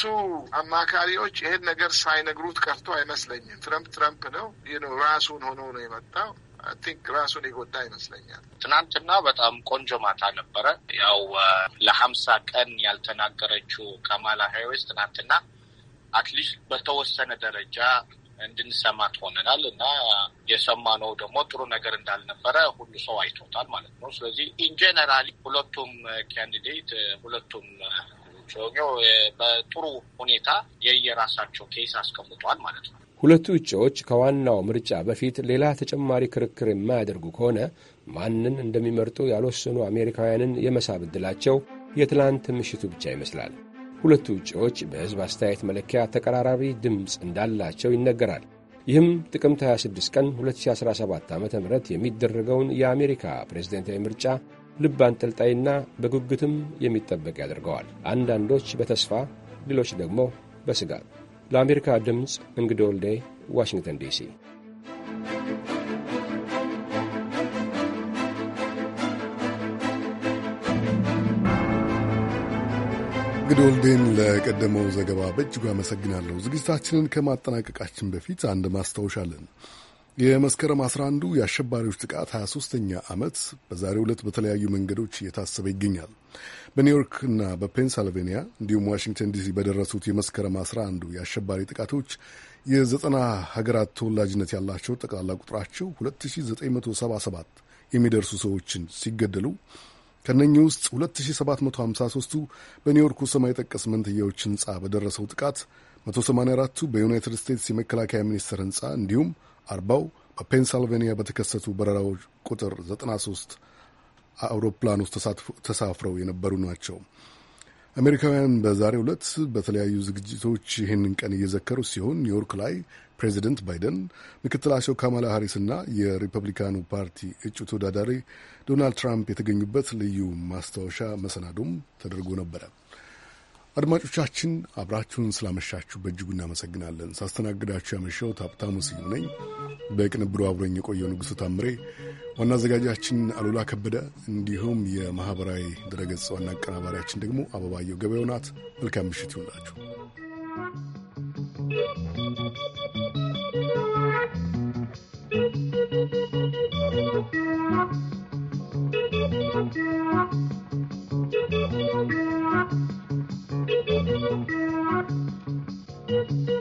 አማካሪዎች ይህን ነገር ሳይነግሩት ቀርቶ አይመስለኝም። ትራምፕ ትራምፕ ነው ራሱን ሆኖ ነው የመጣው። አይ ቲንክ ራሱን የጎዳ ይመስለኛል። ትናንትና በጣም ቆንጆ ማታ ነበረ። ያው ለሀምሳ ቀን ያልተናገረችው ካማላ ሃሪስ ትናንትና አትሊስት በተወሰነ ደረጃ እንድንሰማ ሆነናል እና የሰማነው ደግሞ ጥሩ ነገር እንዳልነበረ ሁሉ ሰው አይቶታል ማለት ነው። ስለዚህ ኢንጀነራል ሁለቱም ካንዲዴት ሁለቱም በጥሩ ሁኔታ የየራሳቸው ኬስ አስቀምጧል ማለት ነው። ሁለቱ እጩዎች ከዋናው ምርጫ በፊት ሌላ ተጨማሪ ክርክር የማያደርጉ ከሆነ ማንን እንደሚመርጡ ያልወሰኑ አሜሪካውያንን የመሳብ ዕድላቸው የትላንት ምሽቱ ብቻ ይመስላል። ሁለቱ እጩዎች በሕዝብ አስተያየት መለኪያ ተቀራራቢ ድምፅ እንዳላቸው ይነገራል። ይህም ጥቅምት 26 ቀን 2017 ዓ ም የሚደረገውን የአሜሪካ ፕሬዝደንታዊ ምርጫ ልብ አንጠልጣይና በጉጉትም የሚጠበቅ ያደርገዋል። አንዳንዶች በተስፋ ሌሎች ደግሞ በስጋት ለአሜሪካ ድምፅ እንግዳ ወልዴ ዋሽንግተን ዲሲ። እንግዲህ ወልዴን ለቀደመው ዘገባ በእጅጉ አመሰግናለሁ። ዝግጅታችንን ከማጠናቀቃችን በፊት አንድ ማስታወሻ አለን። የመስከረም 11 አንዱ የአሸባሪዎች ጥቃት 23ኛ ዓመት በዛሬው ዕለት በተለያዩ መንገዶች እየታሰበ ይገኛል። በኒውዮርክና በፔንሳልቬኒያ እንዲሁም ዋሽንግተን ዲሲ በደረሱት የመስከረም 11ዱ የአሸባሪ ጥቃቶች የዘጠና ሀገራት ተወላጅነት ያላቸው ጠቅላላ ቁጥራቸው 2977 የሚደርሱ ሰዎችን ሲገደሉ ከነኚህ ውስጥ 2753ቱ በኒውዮርኩ ሰማይ ጠቀስ መንትያዎች ሕንፃ በደረሰው ጥቃት 184ቱ በዩናይትድ ስቴትስ የመከላከያ ሚኒስቴር ሕንፃ እንዲሁም አርባው በፔንሳልቬኒያ በተከሰቱ በረራዎች ቁጥር 93 አውሮፕላን ውስጥ ተሳፍረው የነበሩ ናቸው። አሜሪካውያን በዛሬው ዕለት በተለያዩ ዝግጅቶች ይህንን ቀን እየዘከሩ ሲሆን ኒውዮርክ ላይ ፕሬዚደንት ባይደን ምክትላቸው ካማላ ሃሪስና የሪፐብሊካኑ ፓርቲ እጩ ተወዳዳሪ ዶናልድ ትራምፕ የተገኙበት ልዩ ማስታወሻ መሰናዶም ተደርጎ ነበረ። አድማጮቻችን አብራችሁን ስላመሻችሁ በእጅጉ እናመሰግናለን። ሳስተናግዳችሁ ያመሸሁት ሀብታሙ ስዩ ነኝ። በቅንብሩ አብሮኝ የቆየው ንጉሡ ታምሬ፣ ዋና አዘጋጃችን አሉላ ከበደ፣ እንዲሁም የማኅበራዊ ድረገጽ ዋና አቀናባሪያችን ደግሞ አበባየው ገበያው ናት። መልካም ምሽት ይሁንላችሁ። Thank you.